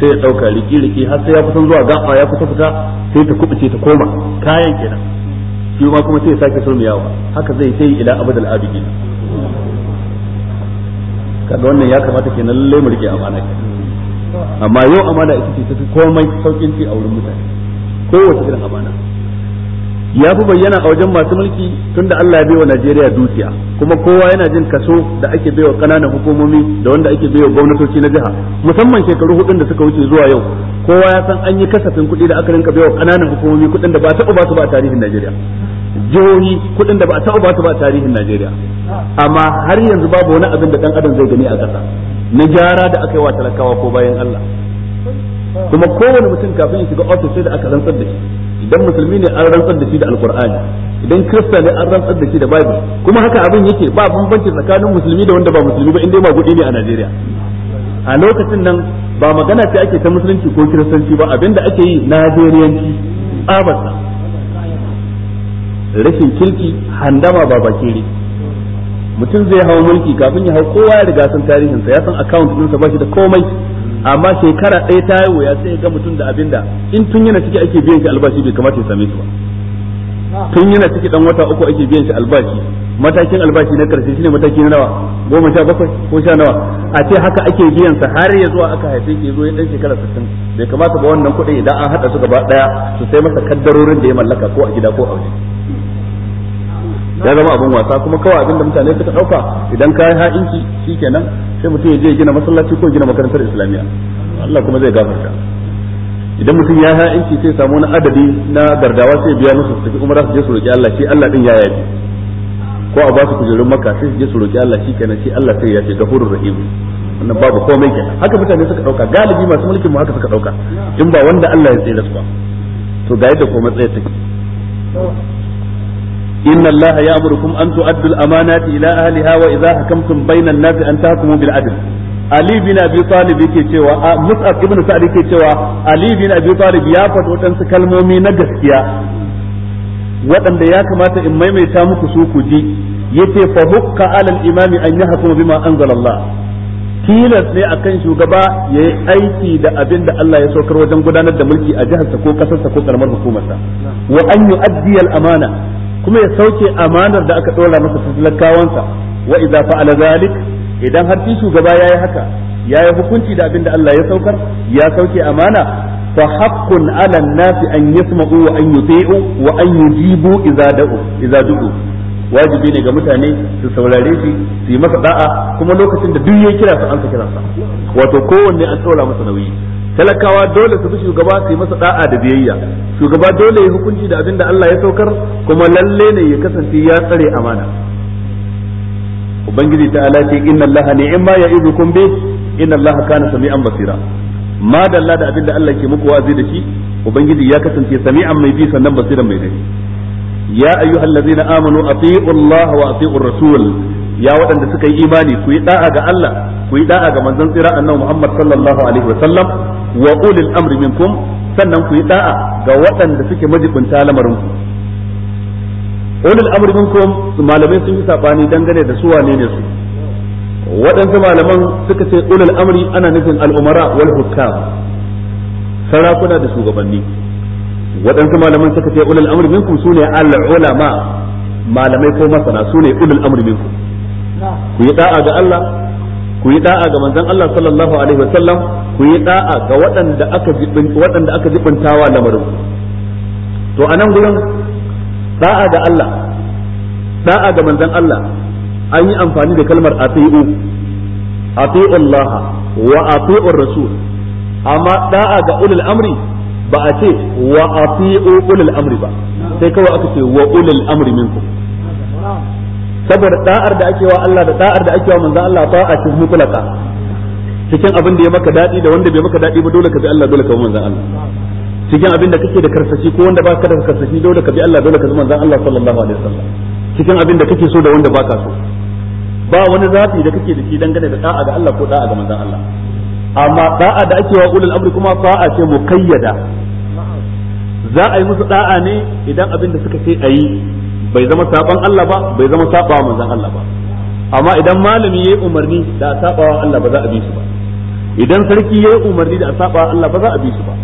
sai ya dauka riki riki har sai ya kusan zuwa gafa ya kusa fita sai ta kubuce ta koma kayan kenan shi ma kuma sai ya sake surmiyawa haka zai sai ila abdul abidina kaga wannan ya kamata kenan lallai mu rike amana kenan amma yau amana ita ce tafi komai saukin ci a wurin mutane kowace irin amana ya fi bayyana a wajen masu mulki tunda Allah ya baiwa Najeriya dukiya kuma kowa yana jin kaso da ake baiwa kananan hukumomi da wanda ake baiwa gwamnatoci na jiha musamman shekaru hudu da suka wuce zuwa yau kowa ya san an yi kasafin kuɗi da aka rinka baiwa kananan hukumomi kuɗin da ba taɓa ba su ba a tarihin Najeriya jihohi kuɗin da ba a taɓa ba su ba tarihin Najeriya amma har yanzu babu wani abin da dan adam zai gani a ƙasa na gyara da aka yi wa talakawa ko bayan Allah kuma kowane mutum kafin ya shiga ofis sai da aka rantsar da shi idan musulmi ne an rantsar da shi da alkur'ani idan kirista ne an rantsar da shi da bible kuma haka abin yake ba bambanci tsakanin musulmi da wanda ba musulmi ba indai magudi ne a Najeriya a lokacin nan ba magana ce ake ta musulunci ko kiristanci ba abinda ake yi Najeriyanci tsabarsa rashin kirki handama ba ne. mutum zai hau mulki kafin ya hau kowa ya riga san tarihin sa ya san account ɗinsa sa shi da komai amma shekara ɗaya ta yi wuya sai ga mutum da abinda in tun yana ciki ake biyan shi albashi bai kamata ya same shi ba tun yana ciki dan wata uku ake biyan shi albashi matakin albashi na karshe shine mataki na nawa goma sha bakwai ko sha nawa a ce haka ake biyan sa har ya zuwa aka haife shi zo ya dan shekara 60 bai kamata ba wannan kuɗi idan an haɗa su gaba ɗaya su sai masa kaddarorin da ya mallaka ko a gida ko a waje ya zama abin wasa kuma kawai abin da mutane suka dauka idan ka yi ha'inci shikenan sai mutum ya je gina masallaci ko gina makarantar islamiyya Allah kuma zai gafarta idan mutum ya ha'inki sai samu wani adadi na gardawa sai biya musu su tafi umara su je su roki Allah shi Allah din ya yaji ko a ba su kujerun makka sai su je su roki Allah shikenan shi Allah sai ya ce gafurur rahim wannan babu komai kenan haka mutane suka dauka galibi masu mulkin mu haka suka dauka in ba wanda Allah ya tsira su ba to ga yadda komai tsaye take إن الله يأمركم أن تؤدوا الأمانات إلى أهلها وإذا حكمتم بين الناس أن تحكموا بالعدل Ali bin Abi Talib yake cewa Mus'ab ibn Sa'd yake cewa Ali bin Abi Talib ya faɗi waɗansu kalmomi na gaskiya waɗanda ya kamata in maimaita muku su ku ji yace fa hukka alal imami an yahkuma bima anzalallah tilas ne a kan shugaba ya yi aiki da abin da Allah ya saukar wajen gudanar da mulki a jiharsa ko kasarsa ko karamar hukumarsa wa an yu'addi amana kuma ya sauke amanar da aka dora masa su talakawansa wa idza fa'ala zalik idan har shi shugaba yayi haka yayi hukunci da abin da Allah ya saukar ya sauke amana fa haqqun 'ala an-nasi an yasma'u wa an yuti'u wa an yujibu idza da'u idza du'u wajibi ne ga mutane su saurare shi su yi masa da'a kuma lokacin da duk ya kira su an kira sa wato kowanne an tsora masa nauyi talakawa dole su bi shugaba su yi masa da'a da biyayya shugaba dole ya hukunci da abin da Allah ya saukar kuma lalle ne ya kasance ya tsare amana ubangiji ta ala ce inna allaha ni'ma ya'idukum bi inna allaha kana sami'an basira ma da abin da Allah ke muku wa'azi da shi ubangiji ya kasance sami'an mai bi sannan basiran mai dai ya ayyuhallazina amanu atii'u allaha wa atii'ur rasul ya waɗanda suka yi imani ku yi da'a ga Allah ku yi da'a ga manzon tsira annabi Muhammad sallallahu alaihi sallam. wa ulil amri minkum sannan ku yi da'a ga waɗanda suke majibinta lamarin ku ulil amri minkum malamai sun yi sabani dangane da su wane ne su waɗansu malaman suka ce ulil amri ana nufin al'umara wal hukam sarakuna da shugabanni waɗansu malaman suka ce ulil amri minkum sune al-ulama malamai ko masana sune ulil amri minkum ku yi da'a ga Allah ku yi da'a ga manzon Allah sallallahu alaihi wasallam ku yi da'a ga waɗanda aka jibin waɗanda aka jibintawa lamarin to anan gurin da'a ga Allah da'a ga manzon Allah an yi amfani da kalmar ati'u ati'u Allah wa ati'u rasul amma da'a ga ulul amri ba a ce wa ati'u ulul amri ba sai kawai aka ce wa ulul amri minkum saboda da'ar da ake wa Allah da da'ar da ake wa manzon Allah ta'a ce mutlaka cikin abin da ya maka dadi da wanda bai maka dadi ba dole ka bi Allah dole ka bi manzon Allah cikin abin da kake da karsashi ko wanda baka da karsashi dole ka bi Allah dole ka bi manzon Allah sallallahu alaihi wasallam cikin abin da kake so da wanda baka so ba wani zafi da kake da shi dangane da da'a ga Allah ko da'a ga manzon Allah amma da'a da ake wa ulul amri kuma fa'a ce mukayyada za a yi musu da'a ne idan abin da suka ce a yi bai zama saban Allah ba bai zama sabawa manzon Allah ba amma idan malami yayi umarni da a sabawa Allah ba za a bi shi ba idan sarki yayi umarni da a sabawa Allah ba za a bi shi ba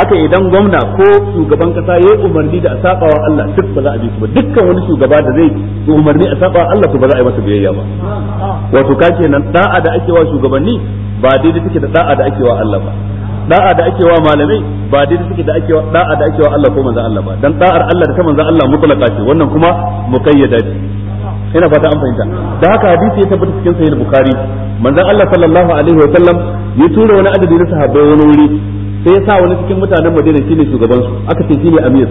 haka idan gwamna ko shugaban kasa yayi umarni da a sabawa Allah duk ba za a bi shi ba dukkan wani shugaba da zai umarni a sabawa Allah to ba za a yi masa biyayya ba wato ka kenan da'a da ake wa shugabanni ba daidai take da da'a da ake wa Allah ba da'a da ake wa malamai ba daidai suke da ake da'a da ake wa Allah ko manzon Allah ba dan da'ar Allah da ta manzon Allah mutlaqa ce wannan kuma muqayyada ce ina fata an fahimta da haka hadisi ya tabbata cikin sahih bukhari manzon Allah sallallahu alaihi wa sallam ya tura wani adadi na sahabbai wani wuri sai ya sa wani cikin mutanen Madina shine shugaban su aka ce shine amir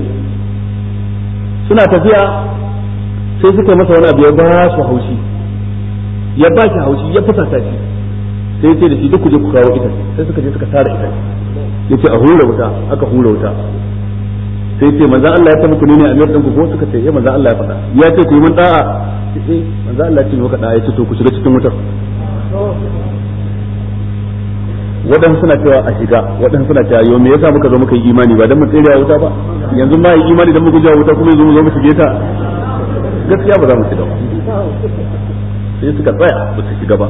suna tafiya sai suka masa wani abu ya ba su haushi ya ba shi haushi ya fusata shi sai ya ce da shi duk ku je ku kawo ita sai suka je suka tara ita yace a hura wuta aka hura wuta sai ce manzo Allah ya ta ku ne ne amir ku ko suka ce ya eh, manzo Allah ya faɗa ya ce ku yi mun da'a sai eh, manzo Allah ya ce maka da'a ya ce to ku shiga cikin wutar waɗansu suna cewa a shiga waɗansu suna cewa yau me yasa muka zo muka yi imani ba dan mu tsere wuta ba yanzu ma yi imani dan mu guje wuta kuma yanzu mu zo mu shige ta gaskiya ba za mu shiga ba sai suka tsaya ba su shiga ba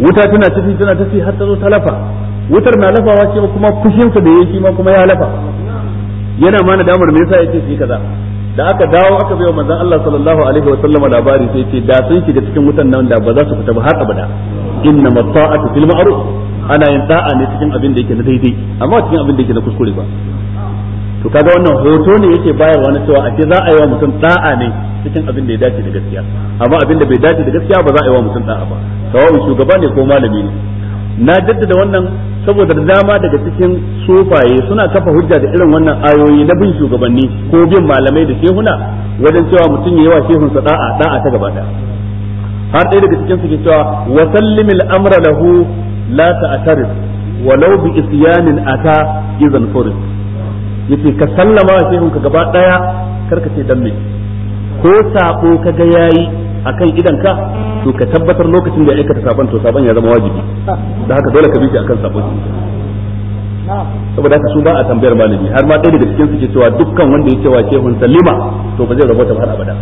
wuta tana tafi tana tafi har ta zo talafa wutar na lafawa ce kuma fushinsa da yake ma kuma ya lafa yana ma nadamar me yasa yake shi kaza da aka dawo aka bayo wa manzon Allah sallallahu alaihi wa sallama labari sai ce da sun shiga cikin wutan nan da ba za su fita ba har abada inna mata'atu fil ma'ruf ana yin da'a ne cikin abin da yake na daidai amma cikin abin da yake na kuskure ba to kaga wannan hoto ne yake bayarwa na cewa ce za a yi wa mutum da'a ne cikin abin da ya dace da gaskiya amma abin da bai dace da gaskiya ba za a yi wa mutum da'a ba sawa'un shugaba ne ko malami ne na jaddada wannan saboda da dama daga cikin sofaye suna kafa hujja da irin wannan ayoyi na bin shugabanni ko bin malamai da shehuna wajen cewa mutum ya yi wa sa da'a da'a ta gaba har ɗaya daga cikin su ke cewa wa sallimil amra lahu la wa law bi isyanin ata izan furid yace ka sallama wa ka gaba daya karka ce dan me ko sabo kaga yayi akan idan ka to ka tabbatar lokacin da ya aikata sabon to sabon ya zama wajibi da haka dole ka bi shi akan sabon saboda haka su ba a tambayar malami har ma ɗaya daga cikin su ke cewa dukkan wanda ya cewa shehun salima to ba zai rabota har abada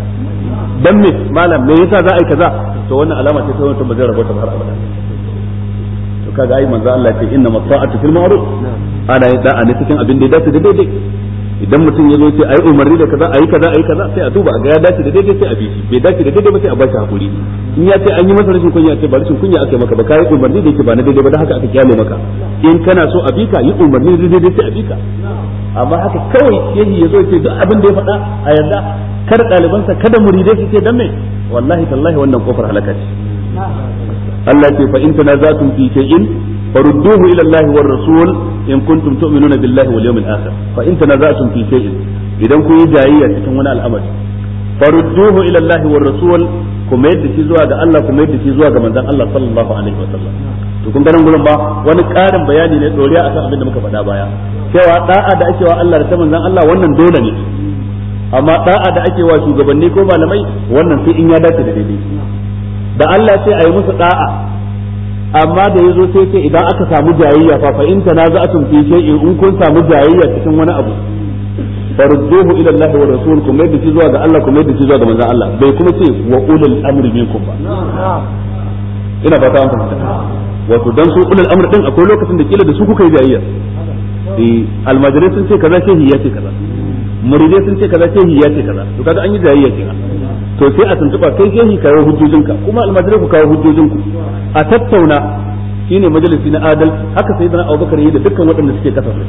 dan me malam me yasa za a yi kaza to wannan alama ce ta wani ba zai rabota har abada to kaga ai manzo Allah ya ce inna mata'atu fil ma'ruf ana yi da'a ne cikin abin da ya dace da daidai idan mutum ya zo ce ai umarni da kaza ayi kaza ayi kaza sai a duba a ga ya dace da daidai sai a bi bai dace da daidai ba sai a bashi hakuri in ya ce an yi masa rashin kunya ce ba rashin kunya aka yi maka ba kai umarni da yake ba na daidai ba da haka aka kyale maka in kana so a bika yi umarni da daidai sai a bika amma haka kawai yaji ya zo ce duk abin da ya faɗa a yarda kada ɗalibansa kada muridai su ce dan me wallahi tallahi wannan kofar halaka ce Allah ce fa in tanazatum fi shay'in farudduhu ila Allah war rasul in kuntum tu'minuna billahi wal yawmil akhir fa in tanaza'tum fi shay'in idan kun yi jayayya cikin wani al'amari farudduhu ila Allah war rasul kuma yadda shi zuwa ga Allah kuma yadda shi zuwa ga manzon Allah sallallahu alaihi wasallam to kun ganin gurin ba wani karin bayani ne doriya akan abin da muka faɗa baya cewa da'a da ake wa Allah da ta manzon Allah wannan dole ne amma da'a da ake wa shugabanni ko malamai wannan sai in ya dace da daidai da Allah sai a yi musu da'a amma da yazo sai ce idan aka samu jayayya fa fa in tanaza'atum fi shay'in in kun samu jayayya cikin wani abu farudduhu ila Allah wa rasul kuma yadda shi zuwa ga Allah kuma yadda shi zuwa ga manzon Allah bai kuma ce wa ulul amri minkum ba ina fata an fahimta wato dan su ulul amri din akwai lokacin da kila da su kuka yi jayayya eh almajirai sun ce kaza shehi ya ce kaza muridai sun ce kaza shehi ya ce kaza to kaga an yi jayayya kenan to sai a tuntuba kai shehi kawo hujjojinka kuma almajirai ku kawo hujjojinku a tattauna shine majalisi na adal haka sai da Abubakar yi da dukkan waɗanda suke kasa da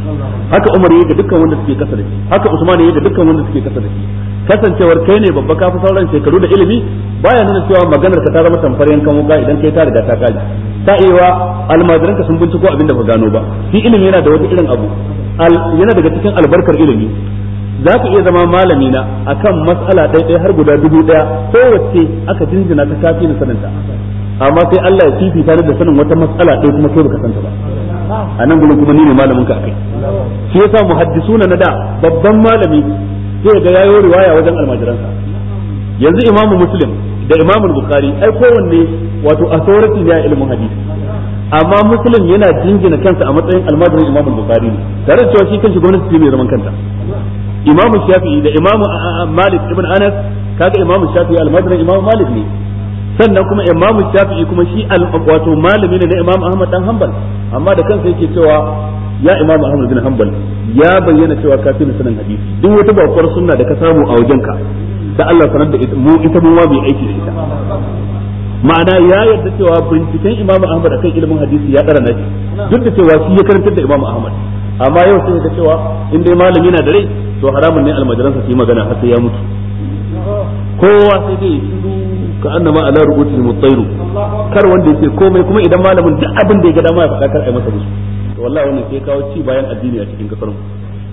haka Umar yi da dukkan wanda suke kasa da shi haka Usman yi da dukkan wanda suke kasa da shi kasancewar kai ne babba kafi sauran shekaru da ilimi baya nuna cewa maganar ka ta zama tamfar yankan wuka idan kai ta riga ta kaji ta iya almajiranka sun binciko abin da ba gano ba shi ilimi yana da wani irin abu yana daga cikin albarkar ilimi za ku iya zama malami na kan mas'ala ɗaya har guda dubu ɗaya kowace aka jinjina ta kafi na saninta amma sai Allah ya tare da sanin wata mas'ala ɗaya kuma kai baka santa ba a nan gudun kuma ni ne malamin ka akai shi yasa muhaddisuna na da babban malami sai ga yayo riwaya wajen almajiransa yanzu imamu muslim da imamu bukari ai kowanne wato authority ne a ilimin hadisi amma muslim yana jinjina kansa a matsayin almajirin imamu bukari ne tare da cewa shi kanshi gwamnati ce mai zaman kanta imam shafi'i da imam ah, ah, ah, malik ibn anas kaga imam shafi'i al-madani imam malik ne sannan kuma Imamu shafi'i kuma shi wato malami ne na imam ahmad dan hanbal amma da kansa yake cewa ya imam ahmad bin hanbal ya bayyana cewa ka fi sanin hadisi duk wata bakwar sunna da ka samu a wajenka da Allah sanar da mu ita mu bai aiki da ita ma'ana ya yarda cewa binciken imam ahmad akan ilimin hadisi ya dara nashi duk da cewa shi ya karantar da imam ahmad amma yau sai ka cewa in dai malami na da rai to haramun ne almajiransa su yi magana har sai ya mutu kowa sai dai tudu ka annama ala rubuti mutairu kar wanda yake komai kuma idan malamin duk abin da ya ga dama ya faɗa kar ai masa musu to wallahi wannan sai kawo ci bayan addini a cikin kasar mu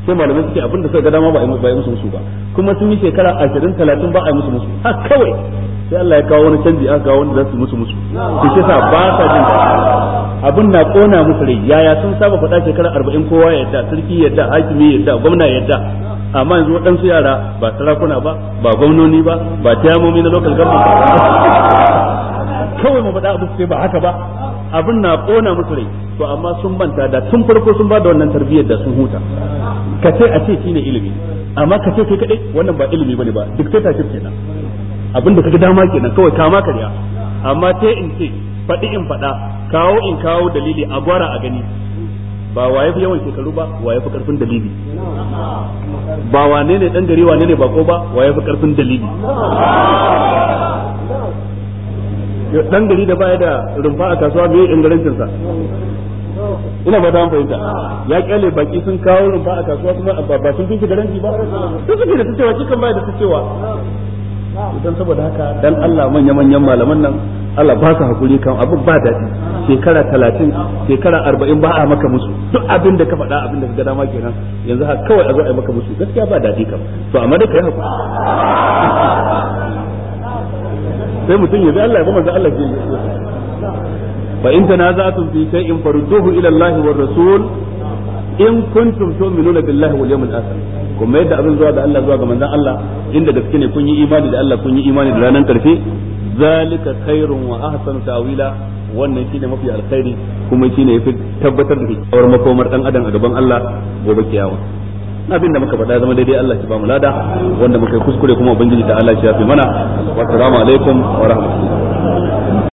sai malamai suke abin da suka ga dama ba a yi musu musu ba kuma sun yi shekara ashirin talatin ba a yi musu musu ha kawai sai Allah ya kawo wani canji aka kawo wanda za su musu musu su shi sa ba sa jin abin na kona musu rai yaya sun saba faɗa shekara arba'in kowa yadda sarki yadda hakimi yadda gwamna yadda amma yanzu waɗansu yara ba sarakuna ba ba gwamnoni ba ba tiyamomi na lokal government kawai mu faɗa abu sai ba haka ba abin na kona musu rai to amma sun banta da tun farko sun ba da wannan tarbiyyar da sun huta ka ce a ce shi ne ilimi amma ka ce kai kadai wannan ba ilimi bane ba dictatorship kenan abin da kaga dama kenan kawai kama karya amma ta in ce faɗi in faɗa kawo in kawo dalili a gwara a gani ba waye fi yawan shekaru ba waye fi karfin dalili ba wane ne dan gari wane ne bako ba waye fi karfin dalili dan gari da baya da rumfa a kasuwa bai ingarancin sa ina ba dan fahimta ya kyale baki sun kawo rumfa a kasuwa kuma ba ba sun kike garanti ba sun suke da cewa kikan baya da cewa idan saboda haka dan Allah manya manyan malaman nan Allah ba su hakuri kan abin ba daɗi shekara talatin shekara arba'in ba a maka musu duk abin da ka faɗa abin da ka gada ma kenan yanzu haka kawai a zo a yi maka musu gaskiya ba daɗi kam to amma da ka yi hakuri sai mutum ya bi Allah ya bi manzon Allah ke fa in tanaza'tum fi shay'in farudduhu ila Allah war rasul in kuntum tu'minuna billahi wal yawmil akhir kuma yadda abin zuwa da Allah zuwa ga manzon Allah inda gaske ne kun yi imani da Allah kun yi imani da ranar karfe zalika khairun wa ahsanu ta'wila wannan shine mafi alkhairi kuma shine yafi tabbatar da kawar makomar dan adam a gaban Allah gobe kiyawa abin da muka faɗa zama daidai Allah ya ba mu lada wanda muka yi kuskure kuma ubangiji ta Allah ya fi mana wa assalamu alaikum wa rahmatullahi